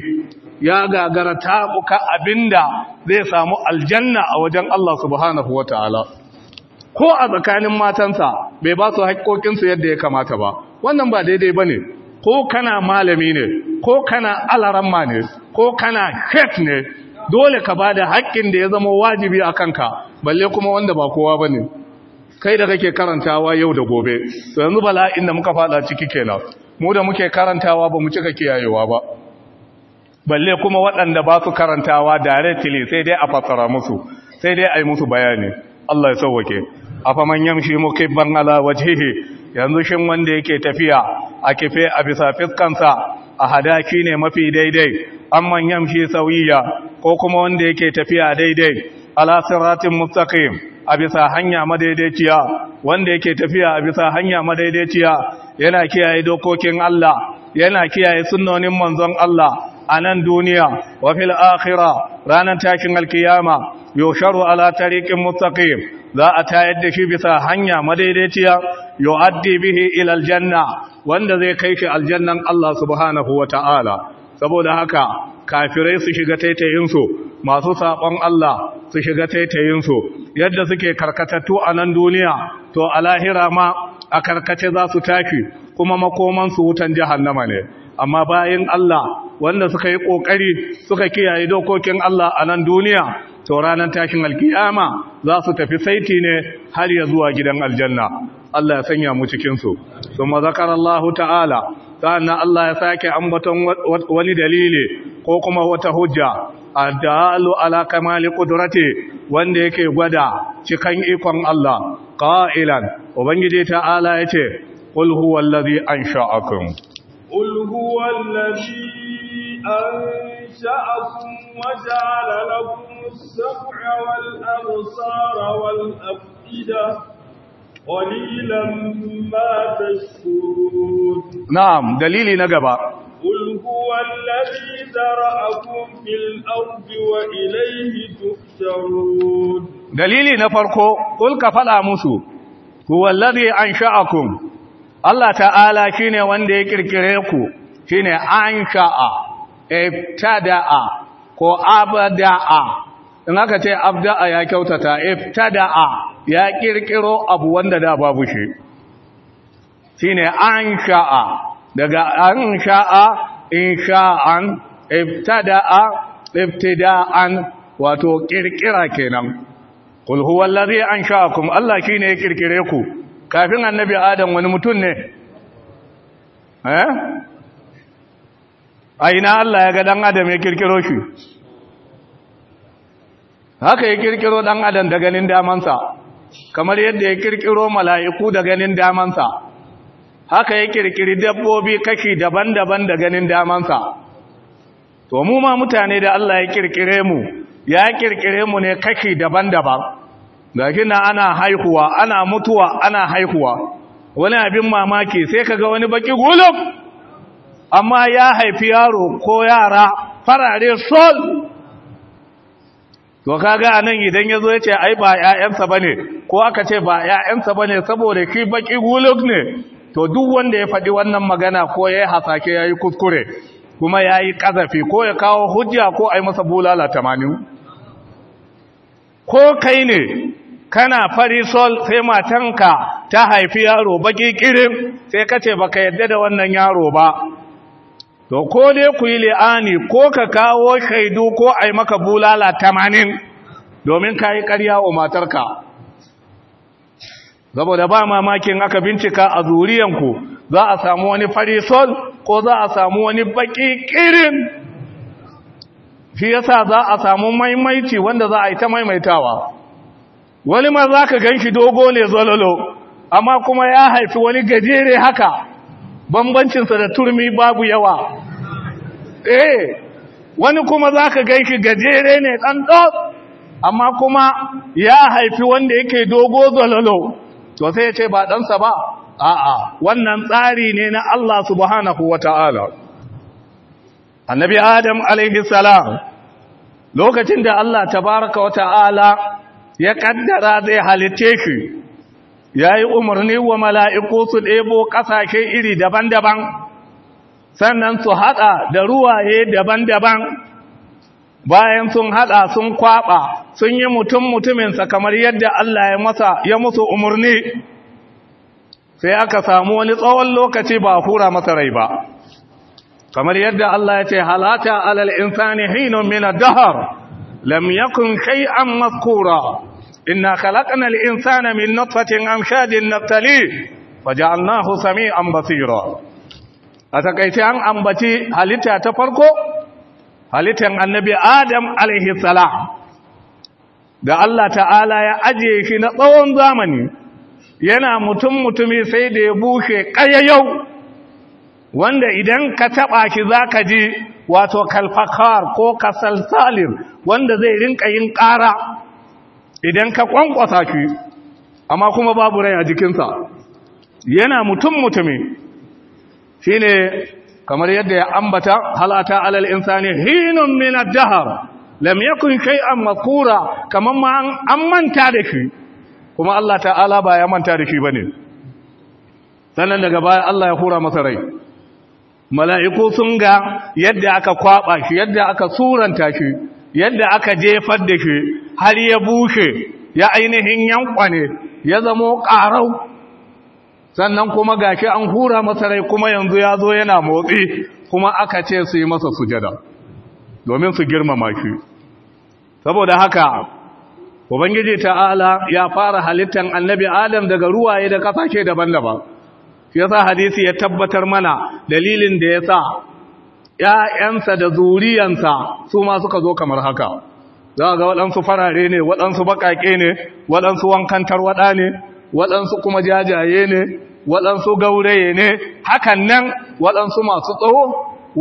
ya gagara muka abinda zai samu aljanna a wajen Allah subhanahu ta'ala ko a tsakanin matansa bai ba su haƙoƙinsu yadda ya kamata ba wannan ba daidai ba ne. ko kana malami ne ko kana alaramma ne ko kana het ne dole ka ba da haƙƙin da ya zama wajibi a kanka balle kuma wanda ba kowa ba ne. kai da kake karantawa yau da gobe to yanzu bala'in da muka faɗa ciki kenan mu da muke karantawa ba mu cika kiyayewa ba balle kuma waɗanda ba su karantawa directly sai dai a fassara musu sai dai a yi musu bayani Allah ya sauwake a faman yamshi mukibban ala wajihi. yanzu shin wanda yake tafiya a kife a bisa fiskansa a hadaki ne mafi daidai amman yamshi sauyiya ko kuma wanda yake tafiya daidai ala siratin mustaqim a bisa hanya madaidaiciya wanda yake tafiya a bisa hanya madaidaiciya yana kiyaye dokokin Allah yana kiyaye sunnonin manzon Allah a nan duniya wa fil ranar tashin alkiyama yusharu ala tariqin mustaqim za a tayar da shi bisa hanya madaidaiciya yu'addi bihi ila aljanna wanda zai kai shi aljannan Allah subhanahu wata'ala saboda haka kafirai su shiga taitayin su masu sabon Allah su shiga taitayin su yadda suke karkatattu a nan duniya to a lahira ma a karkace za su tafi kuma makoman su wutan jahannama ne amma bayin Allah wanda suka yi ƙoƙari suka kiyaye dokokin Allah a nan duniya to ranar tashin alkiyama za su tafi saiti ne har ya zuwa gidan aljanna Allah ya sanya mu cikin su kuma zakarallahu ta'ala sannan Allah ya sake ambaton wani dalili ko kuma wata hujja a ala kamali qudrati wanda yake gwada cikan ikon Allah ƙa'ilan ubangiji ta'ala yace qul huwallazi ansha'akum qul huwallazi أنشأكم وجعل لكم السمع والأبصار والأفئدة قليلا ما تشكرون نعم دليلي نقبا قل هو الذي ذرأكم في الأرض وإليه تحشرون دليلي نفرقو قل كفلا مسو هو الذي أنشأكم Allah ta'ala shi ne wanda ya kirkire ku shi ne an sha'a ibtada'a ko abda'a in aka ce abda'a ya kyautata ibtada'a ya kirkiro abu wanda da babu shi shine ansha'a daga ansha'a insha'an ibtada'a ibtida'an wato kirkira kenan qul huwallazi ansha'akum Allah shine ya kirkire ku kafin annabi adam wani mutum ne eh a ina Allah ya ga dan adam ya kirkiro shi haka ya kirkiro ɗan adam da ganin damansa kamar yadda ya kirkiro mala'iku da ganin damansa haka ya kirkiri dabbobi kashi daban-daban da ganin damansa to mu ma mutane da Allah ya kirkire mu ya kirkire mu ne kashi daban-daban gashi na ana haihuwa ana mutuwa ana haihuwa wani abin mamaki sai ka ga wani baki gulub amma ya haifi yaro ko yara farare sol to kaga anan idan yazo yace ai ba ƴaƴansa bane ko aka ce ba ƴaƴansa bane saboda ki baki guluk ne to duk wanda ya faɗi wannan magana ko yayi hasake yayi kuskure kuma yayi kazafi ko ya kawo hujja ko ai masa bulala tamanin? ko kai ne kana fari sol sai matanka ta haifi yaro baki kirin sai kace baka yadda da wannan yaro ba to ko dai ku yi li'ani ko ka kawo shaidu ko a yi maka bulala tamanin domin ka yi ƙarya wa matarka saboda ba mamakin aka bincika a zuriyanku za a samu wani farisol ko za a samu wani baki ƙirin shi yasa za a samu maimaici wanda za a yi ta maimaitawa wani ma za ka gan dogo ne zololo amma kuma ya haifi wani gajere haka bambancinsa da turmi babu yawa eh wani kuma za ka ganshi gajere ne ɗan amma kuma ya haifi wanda yake dogo zololo to sai ya ce ba ɗansa ba a'a wannan tsari ne na Allah subhanahu wa ta'ala annabi adam alaihi salam lokacin da Allah tabaraka wa ta'ala ya kaddara zai halitte shi ya yi umarni wa mala'iku su ɗebo ƙasashe iri daban-daban sannan su haɗa da ruwaye daban-daban bayan sun haɗa sun kwaɓa sun yi mutum-mutuminsa kamar yadda Allah ya masa ya musu umarni sai aka samu wani tsawon lokaci ba hura masa rai ba kamar yadda Allah ya ce halata alal insani hinun min ad-dahr lam yakun an mazkura inna khalaqna al-insana min nutfatin amshadin naftali waja'alnahu samian basira atakaice an ambaci halitta ta farko halittan annabi adam alaihi salam da Allah ta'ala ya ajiye shi na tsawon zamani yana mutum mutumi sai da ya bushe yau, wanda idan ka taɓa shi zaka ji wato kalfakar ko kasalsalir wanda zai rinka yin ƙara idan ka kwankwasa shi amma kuma babu rai a jikinsa yana mutum mutumi Shi ne kamar yadda ya ambata halata alal insani hinun min dahar dahr lam yakun shay'an makura kamar ma an manta da shi kuma Allah ta'ala ba ya manta da shi bane sannan daga baya Allah ya hura masa rai mala'iku sun ga yadda aka kwaba shi yadda aka suranta shi yadda aka jefar da shi har ya bushe ya ainihin yankwane ya zamo ƙarau sannan kuma gashi an hura masa rai kuma yanzu ya zo yana motsi kuma aka ce su yi masa sujada domin su girmama shi saboda haka ubangiji ta'ala ya fara halittar annabi adam daga ruwaye da kasashe daban-daban Ya sa hadisi ya tabbatar mana dalilin da ya sa 'ya'yansa da zuriyansa su ma suka zo kamar haka za ga waɗansu farare ne waɗansu baƙaƙe ne waɗansu wankantar waɗa ne waɗansu kuma jajaye ne waɗansu gauraye ne hakan nan waɗansu masu tsawo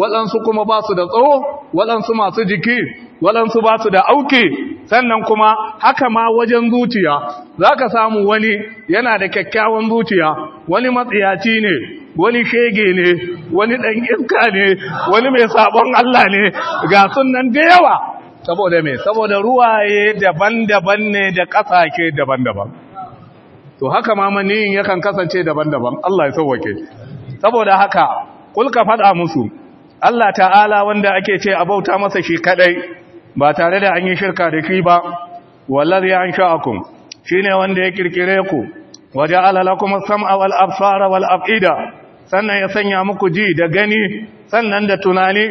waɗansu kuma ba su da tsawo waɗansu masu jiki waɗansu ba su da auki sannan kuma haka ma wajen zuciya za ka samu wani yana da kyakkyawan zuciya wani matsiyaci ne wani shege ne wani ɗan iska ne wani mai sabon Allah ne ga sunan da yawa saboda me saboda ruwaye daban-daban ne da ƙasashe daban-daban to haka ma maniyin yakan kasance daban-daban Allah ya sauwake saboda haka kulka faɗa musu Allah ta'ala wanda ake ce a bauta masa shi kadai ba tare da an yi shirka da shi ba wallazi ansha'akum shine wanda ya kirkire ku waja'ala lakum as-sam'a wal absara wal af'ida sannan ya sanya muku ji da gani sannan da tunani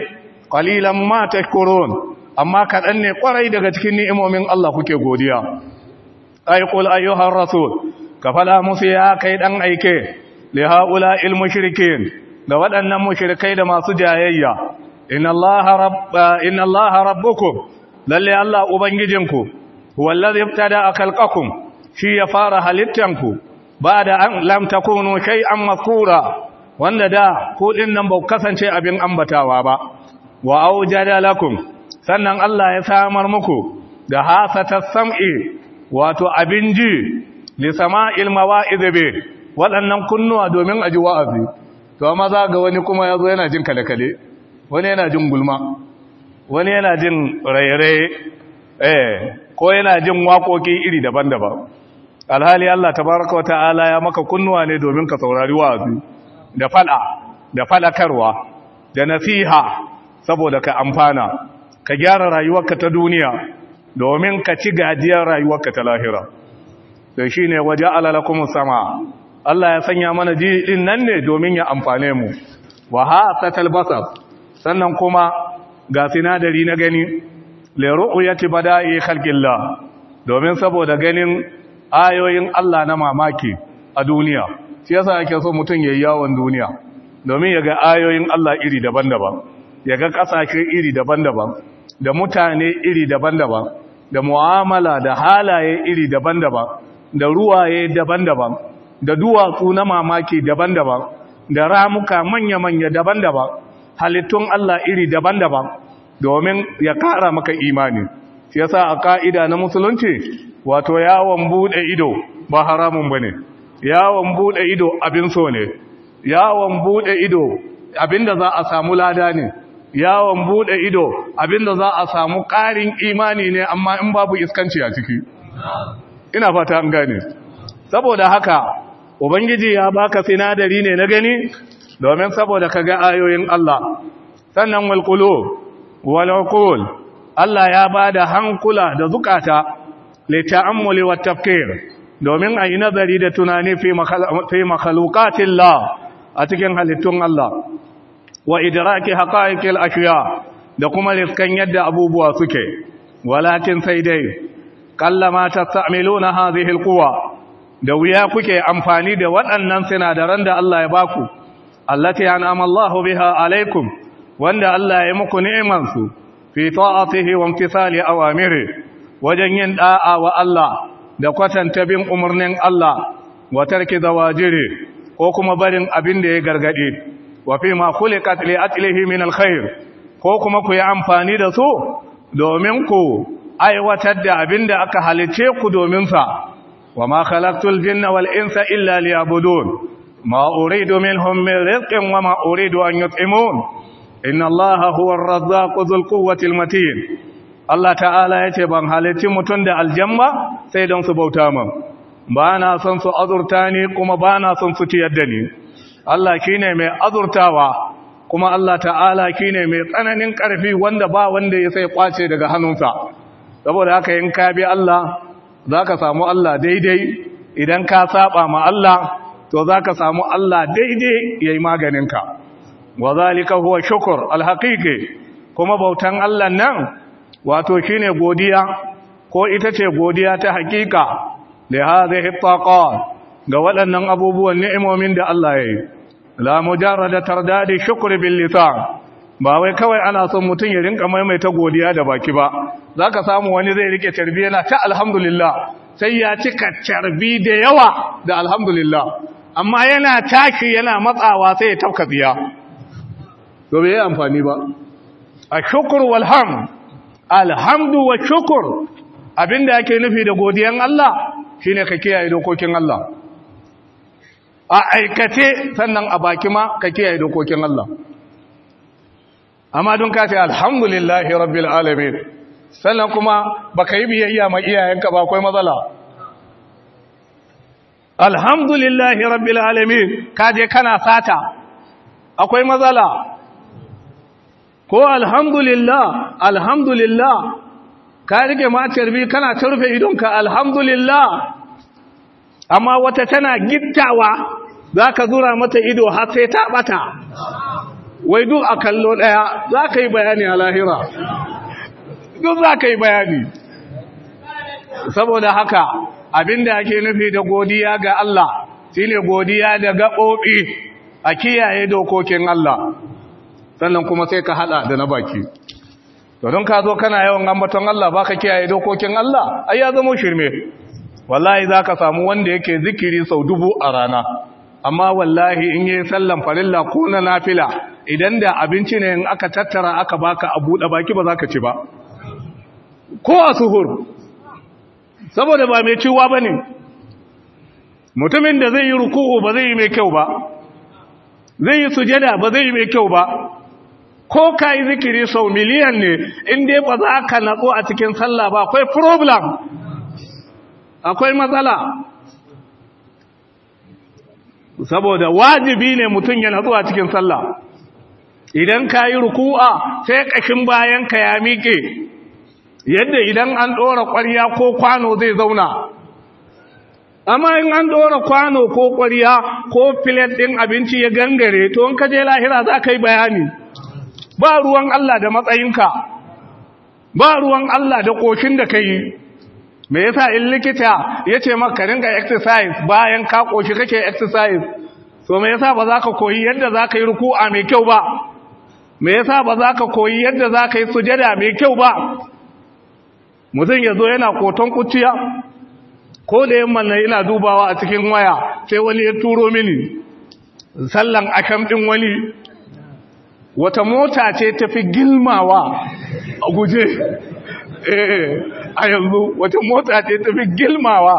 qalilan ma tashkurun amma kaɗan ne ƙwarai daga cikin ni'imomin Allah kuke godiya ai qul ayyuhar rasul ka faɗa musu ya kai ɗan aike li haula il mushrikin ga waɗannan mushrikai da masu jayayya inna allaha Allah eh, inna allaha rabbukum lalle Allah ubangijinku wallazi ibtada akalqakum shi ya fara halittanku ba da an lam takunu an mazkura wanda da kuɗin nan ba kasance abin ambatawa ba wa da lakun. sannan Allah ya samar muku da hasatar sam'i wato abin ji ne sama ilmawa izabe waɗannan kunnuwa domin ji wa'azi to amma ga wani kuma yazo yana jin kalakale wani yana jin gulma wani yana jin rairaye eh ko yana jin waƙoƙi iri daban-daban alhali Allah ta baraka wa ta'ala ya maka kunnuwa ne domin ka saurari wa'azi da fala da falakarwa da nasiha saboda ka amfana ka gyara rayuwarka ta duniya domin ka ci gajiyar rayuwarka ta lahira da shi ne waje kuma sama Allah ya sanya mana jiɗin nan ne domin ya amfane mu wa hasa talbasa sannan kuma ga sinadari na gani leru'u ya ci bada domin saboda ganin ayoyin Allah na mamaki a duniya shi yasa ake so mutum ya yi yawon duniya domin ya ayoyin Allah iri daban-daban ya ga ƙasashe iri daban-daban da mutane iri daban-daban da mu'amala da halaye iri daban-daban da ruwaye daban-daban da duwatsu na mamaki daban-daban da ramuka manya-manya daban-daban halittun Allah iri daban-daban domin ya kara maka imani shi yasa a ka'ida na musulunci wato yawon bude ido ba haramun bane yawon bude ido abin so ne yawon bude ido abinda za a samu lada ne yawon bude ido abinda za a samu ƙarin imani ne amma in babu iskanci a ciki ina fata an gane saboda haka ubangiji ya baka sinadari ne na gani domin saboda kaga ayoyin Allah sannan wal qulu wal Allah ya bada hankula da zukata li ta'ammuli wat tafkir domin ayi nazari da tunani fi makhluqatillah a cikin halittun Allah wa idraki haqa'iqil ashiya da kuma liskan yadda abubuwa suke walakin sai dai kallama tasta'miluna hadhihi alquwa da wuya kuke amfani da waɗannan sinadaran da Allah ya baku allati an'ama Allahu biha alaikum wanda Allah ya muku ni'man su fi ta'atihi wa imtithali awamiri wajen yin da'a wa Allah da kwatanta bin umarnin Allah wa tarki zawajiri ko kuma barin abin da ya gargade wa fi ma khuliqat li atlihi min alkhair ko kuma ku yi amfani da su domin ku aiwatar da abin da aka halice ku domin sa wa ma khalaqtul jinna wal insa illa liya'budun ma uridu minhum min rizqin wa ma uridu an yut'imun inna allaha huwa ar-razzaqu dhul quwwati al-matin Allah ta'ala yace ban halici mutun da aljamma sai don su bauta min ba na son su azurta ni kuma ba na son su ciyar da ni Allah ne mai azurtawa kuma Allah ta'ala ne mai tsananin ƙarfi wanda ba wanda ya sai kwace daga hannunsa saboda haka in ka bi Allah zaka samu Allah daidai idan ka saba ma Allah to zaka samu Allah daidai yayi maganinka wa zalika huwa shukr alhaqiqi kuma bautan Allah nan wato ne godiya ko ita ce godiya ta hakika da hadhihi taqat ga waɗannan abubuwan ni'imomin da Allah ya yi la mujarrada tardadi shukr bil lisan ba wai kawai ana son mutum ya rinka maimaita godiya da baki ba zaka samu wani zai rike tarbi yana ta alhamdulillah sai ya cika tarbi da yawa da alhamdulillah amma yana tashi yana matsawa sai ya tafka tsiya to bai amfani ba ashkur wal ham alhamdu wa shukr abinda ake nufi da godiyan Allah shine ka kiyaye dokokin Allah a aikace sannan a baki ma ka kiyaye dokokin Allah amma don ka ce alhamdulillahi rabbil alamin sannan kuma baka yi biyayya ma iyayenka ba akwai matsala alhamdulillahi rabbil alamin ka je kana sata akwai matsala ko alhamdulillah alhamdulillah ka rike matar bi kana tarfe idonka alhamdulillah amma wata tana gittawa za ka zura mata ido har sai ta bata, wai duk a kallo ɗaya za ka yi bayani a lahira duk za ka yi bayani saboda haka abinda ake nufi da godiya ga Allah shine godiya da gaɓoɓi a kiyaye dokokin Allah sannan kuma sai ka haɗa da na baki to don ka zo kana yawan ambaton Allah baka kiyaye dokokin Allah ai ya zama shirme wallahi zaka samu wanda yake zikiri sau dubu a rana amma wallahi in yi sallan farilla ko na nafila idan da abinci ne in aka tattara aka baka a buɗe baki ba za ka ci ba ko a suhur saboda ba mai ciwa ba ne mutumin da zai yi ruku'u ba zai yi mai kyau ba zai yi sujada ba zai yi mai kyau ba ko ka yi zikiri sau miliyan ne in dai ba za ka natsu a cikin sallah ba akwai problem akwai matsala saboda wajibi ne mutum ya zuwa cikin sallah idan ka yi ruku'a sai ƙashin bayan ka ya miƙe yadda idan an ɗora ƙwarya ko kwano zai zauna amma in an ɗora kwano ko ƙwarya ko filet ɗin abinci ya gangare to in ka je lahira za ka yi bayani ba ruwan Allah da matsayinka ba ruwan Allah da ƙoshin da ka yi me yasa in likita ya ce maka ringa exercise bayan ka koshi kake exercise so me yasa ba za ka koyi yadda za ka yi ruku'a mai kyau ba me yasa ba za ka koyi yadda za ka yi sujada mai kyau ba mutum ya zo yana koton kuciya ko da yamma na ina dubawa a cikin waya sai wani ya turo mini sallan akam ɗin wani wata mota ce tafi gilmawa a guje eh a yanzu wata mota ce ta fi gilmawa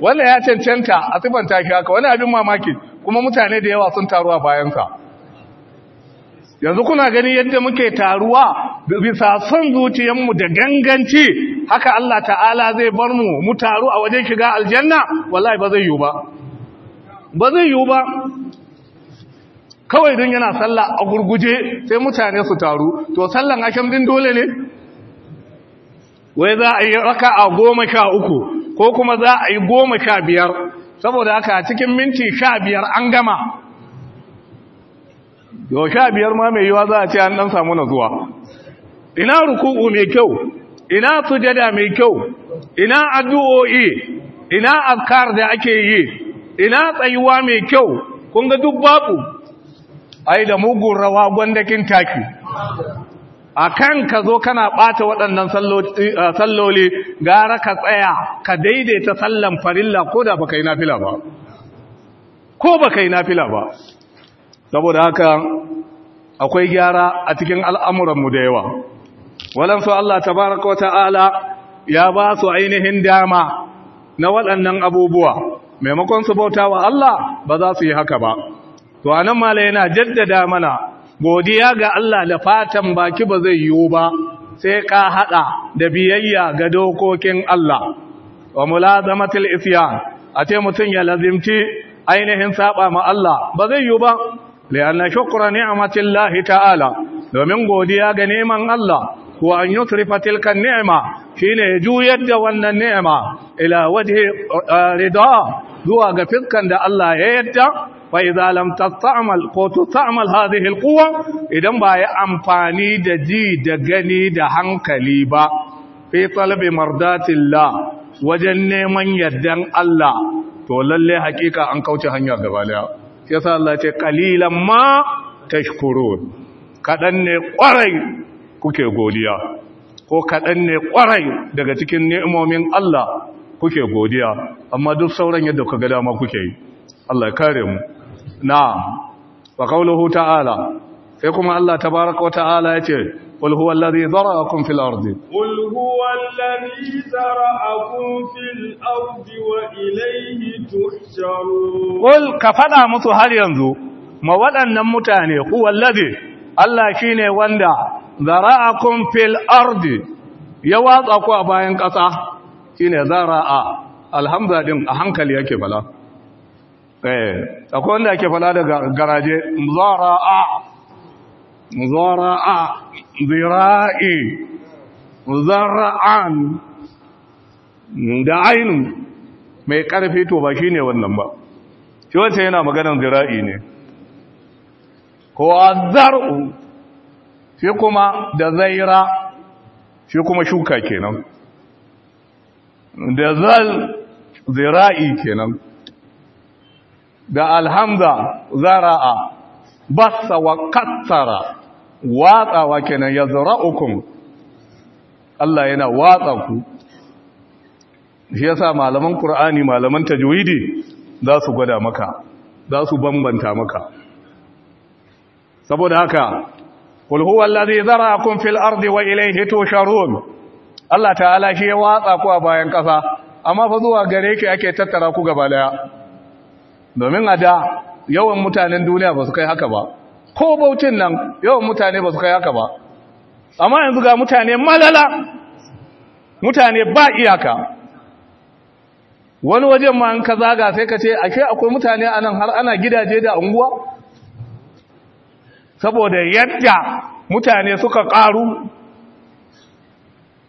wannan ya cancanta a sifanta shi haka wani abin mamaki kuma mutane da yawa sun taruwa bayansa yanzu kuna gani yadda muke taruwa bisa son zuciyanmu da ganganci haka Allah ta'ala zai bar mu mu taru a wajen shiga aljanna wallahi ba zai yiwu ba ba zai yiwu ba kawai don yana sallah a gurguje sai mutane su taru to tsallan ashen din dole ne wai za a yi raka a goma sha uku ko kuma za a yi goma sha biyar saboda haka cikin minti sha biyar an gama yau sha biyar ma mai yiwa za a ce an dan samu na zuwa ina ruku'u mai kyau ina sujada mai kyau ina addu'o'i ina azkar da ake yi ina tsayuwa mai kyau kun ga duk babu ai da mugun rawa gwandakin taki a kan ka zo kana ɓata waɗannan eh, ah, salloli gara ka tsaya ka daidaita sallan farilla ko da baka yi nafila ba ko baka yi nafila ba saboda haka akwai gyara a cikin al'amuranmu da yawa walansu Allah tabaraka ta'ala ya ba su ainihin dama na waɗannan abubuwa maimakon su bauta wa Allah ba za su yi haka ba to anan mala yana jaddada mana godiya ga Allah da fatan baki ba zai yiwu ba sai ka hada da biyayya ga dokokin Allah wa mulazamatul isyan a ce mutun ya lazimci ainihin saba ma Allah ba zai yiwu ba li'anna shukra ni'matillahi ta'ala domin godiya ga neman Allah ko an yusrifa tilka ni'ma shine juyar da wannan ni'ma ila wajhi eh, rida zuwa ga fiskan da Allah ya yadda fa idza lam tasta'mal ko tusta'mal hadhihi alquwa idan ba ya amfani da ji da gani da hankali ba fi talabi mardatillah wajen neman yardan Allah to lalle hakika an kauce hanya gaba daya sa Allah ce qalilan ma tashkurun kadan ne kwarai kuke godiya ko kadan ne kwarai daga cikin ni'imomin Allah kuke godiya amma duk sauran yadda kuka ga dama kuke yi Allah ya kare mu Na wa qawluhu ta'ala sai kuma Allah tabaaraka wa ta'ala yace qul huwa alladhi zara'akum fil ardi qul huwa alladhi zara'akum fil ardi wa ilayhi tuhsharun qul ka fada musu har yanzu ma waɗannan mutane huwa alladhi Allah shine wanda zara'akum fil ardi ya watsa ku a bayan ƙasa shine zara'a alhamdulillah a hankali yake bala eh akwai wanda ake fada da garaje zara'a zara'a zira'i zara'an da ainu mai karfi to ba shine wannan ba shi wace yana maganar zira'i ne ko zar'u shi kuma da zaira shi kuma shuka kenan da zal zira'i kenan da alhamza zara'a basa wa kattara watsawa kenan ya ukun. Allah yana watsa ku shi yasa malaman Kur'ani malaman tajwidi za su gwada maka za su bambanta maka saboda haka qul huwa allazi zara'akum fil ardi wa ilayhi tusharun Allah ta'ala shi ya watsa ku a bayan ƙasa. amma fa zuwa gare ki ake tattara ku gaba daya domin a da yawan mutanen duniya ba su kai haka ba ko bautin nan yawan mutane ba su kai haka ba amma yanzu ga mutane malala mutane ba iyaka wani wajen ma an ka zaga sai ka ce ake akwai mutane a nan har ana gidaje da unguwa saboda yadda mutane suka ƙaru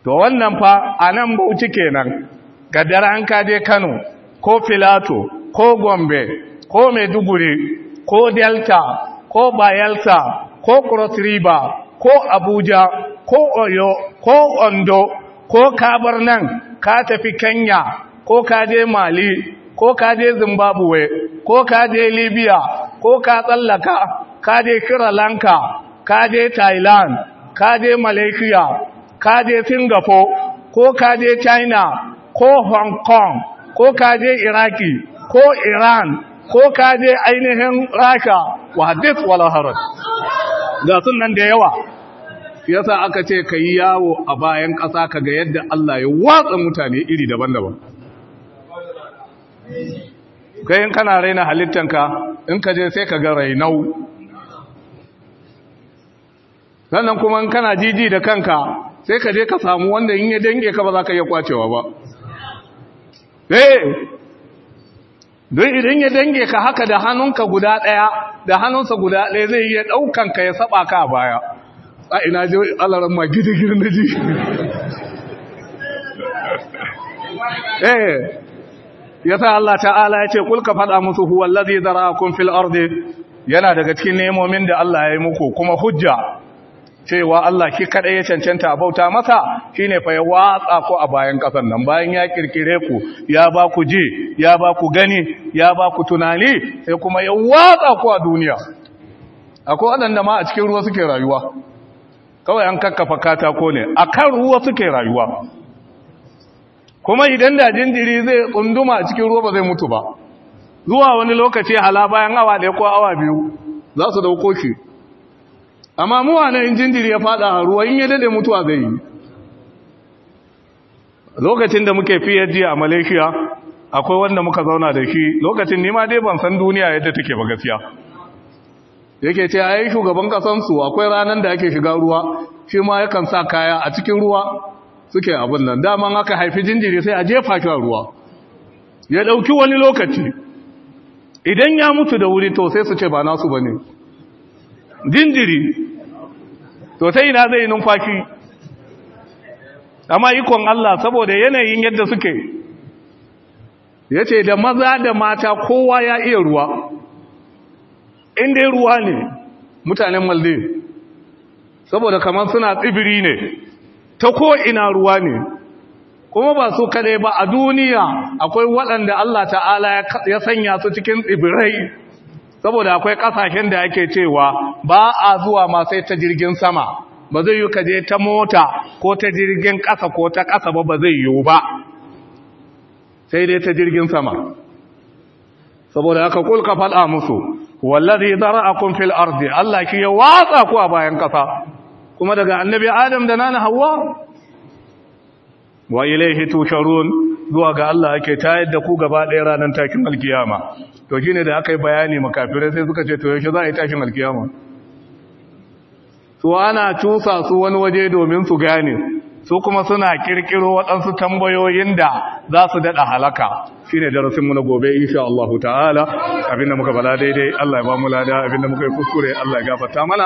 to wannan fa a nan bauchi kenan gadar an kaje kano ko filato ko gombe ko maiduguri ko delta ko bayelsa ko cross river ko abuja ko oyo ko ondo ko kabar nan ka tafi kenya ko ka je mali ko ka je zimbabwe ko ka je libya ko ka tsallaka ka je sri lanka ka je thailand ka je malaysia ka je singapore ko ka je china ko hong kong ko ka je iraki ko iran ko ka je ainihin Rasha wa hadis wala haraj ga sunan da yawa yasa aka ce ka yawo a bayan ƙasa ka ga yadda Allah ya watsa mutane iri daban-daban kai in kana raina halittanka in ka je sai ka ga rainau sannan kuma in kana jiji da kanka sai ka je ka samu wanda in ya dange ka ba za ka iya kwacewa ba eh don idan ya dange ka haka da hannunka guda ɗaya da hannunsa guda ɗaya zai iya ɗaukan ka ya saba ka baya a ina ji alaran ma gidi na ji <laughs> eh ya sa Allah ta'ala ya ce kulka faɗa musu huwa lazi kun fil yana daga cikin nemomin da Allah ya yi muku kuma hujja cewa Allah shi kaɗai ya cancanta a bauta masa shi ne fa ya watsa ku a bayan ƙasan nan bayan ya ƙirƙire ku ya ba ku ji ya ba ku gani ya ba ku tunani sai kuma ya watsa ku a duniya akwai waɗanda ma a cikin ruwa suke rayuwa kawai an kakkafa katako ne a kan ruwa suke rayuwa kuma idan da jinjiri zai tsunduma a cikin ruwa ba zai mutu ba zuwa wani lokaci hala bayan awa ɗaya ko awa biyu za su dauko shi amma mu a jinjiri ya fada a ruwa in ya dade mutuwa zai yi lokacin da muke fiye jiya a malaysia akwai wanda muka zauna da shi lokacin nima dai ban san duniya yadda take ba gaskiya yake ce a yi shugaban kasansu akwai ranar da ake shiga ruwa shi ma yakan sa kaya a cikin ruwa suke abin nan daman aka haifi jinjiri sai a jefa shi a ruwa ya ɗauki wani lokaci idan ya mutu da wuri to sai su ce ba nasu ba ne jinjiri to sai ina zai numfashi amma ikon Allah saboda yanayin yadda suke yace da maza da mata kowa ya iya ruwa inda ruwa ne mutanen malde saboda kamar suna tsibiri ne ta ko ina ruwa ne kuma ba su kadai ba a duniya akwai waɗanda Allah ta'ala ya sanya su cikin tsibirai saboda akwai kasashen da ake cewa ba a zuwa ma sai ta jirgin sama ba zai yi kaje ta mota ko ta jirgin ƙasa ko ta ƙasa ba ba zai yi ba sai dai ta jirgin sama saboda aka kulka fal'a musu wallazi zara'akum fil ardi Allah ki ya watsa ku a bayan ƙasa kuma daga annabi Adam da nana Hawwa wa ilayhi tusharun zuwa ga Allah ake tayar da ku gaba ɗaya ranar takin alkiyama to shine da aka yi bayani makafirai sai suka ce to yaushe za a yi takin alkiyama su ana cusa su wani waje domin su gane su kuma suna kirkiro waɗansu tambayoyin da za su daɗa halaka shi ne darasinmu na gobe insha Allah ta'ala abinda muka bala daidai Allah ya ba mu lada abinda muka yi kuskure Allah ya gafarta mana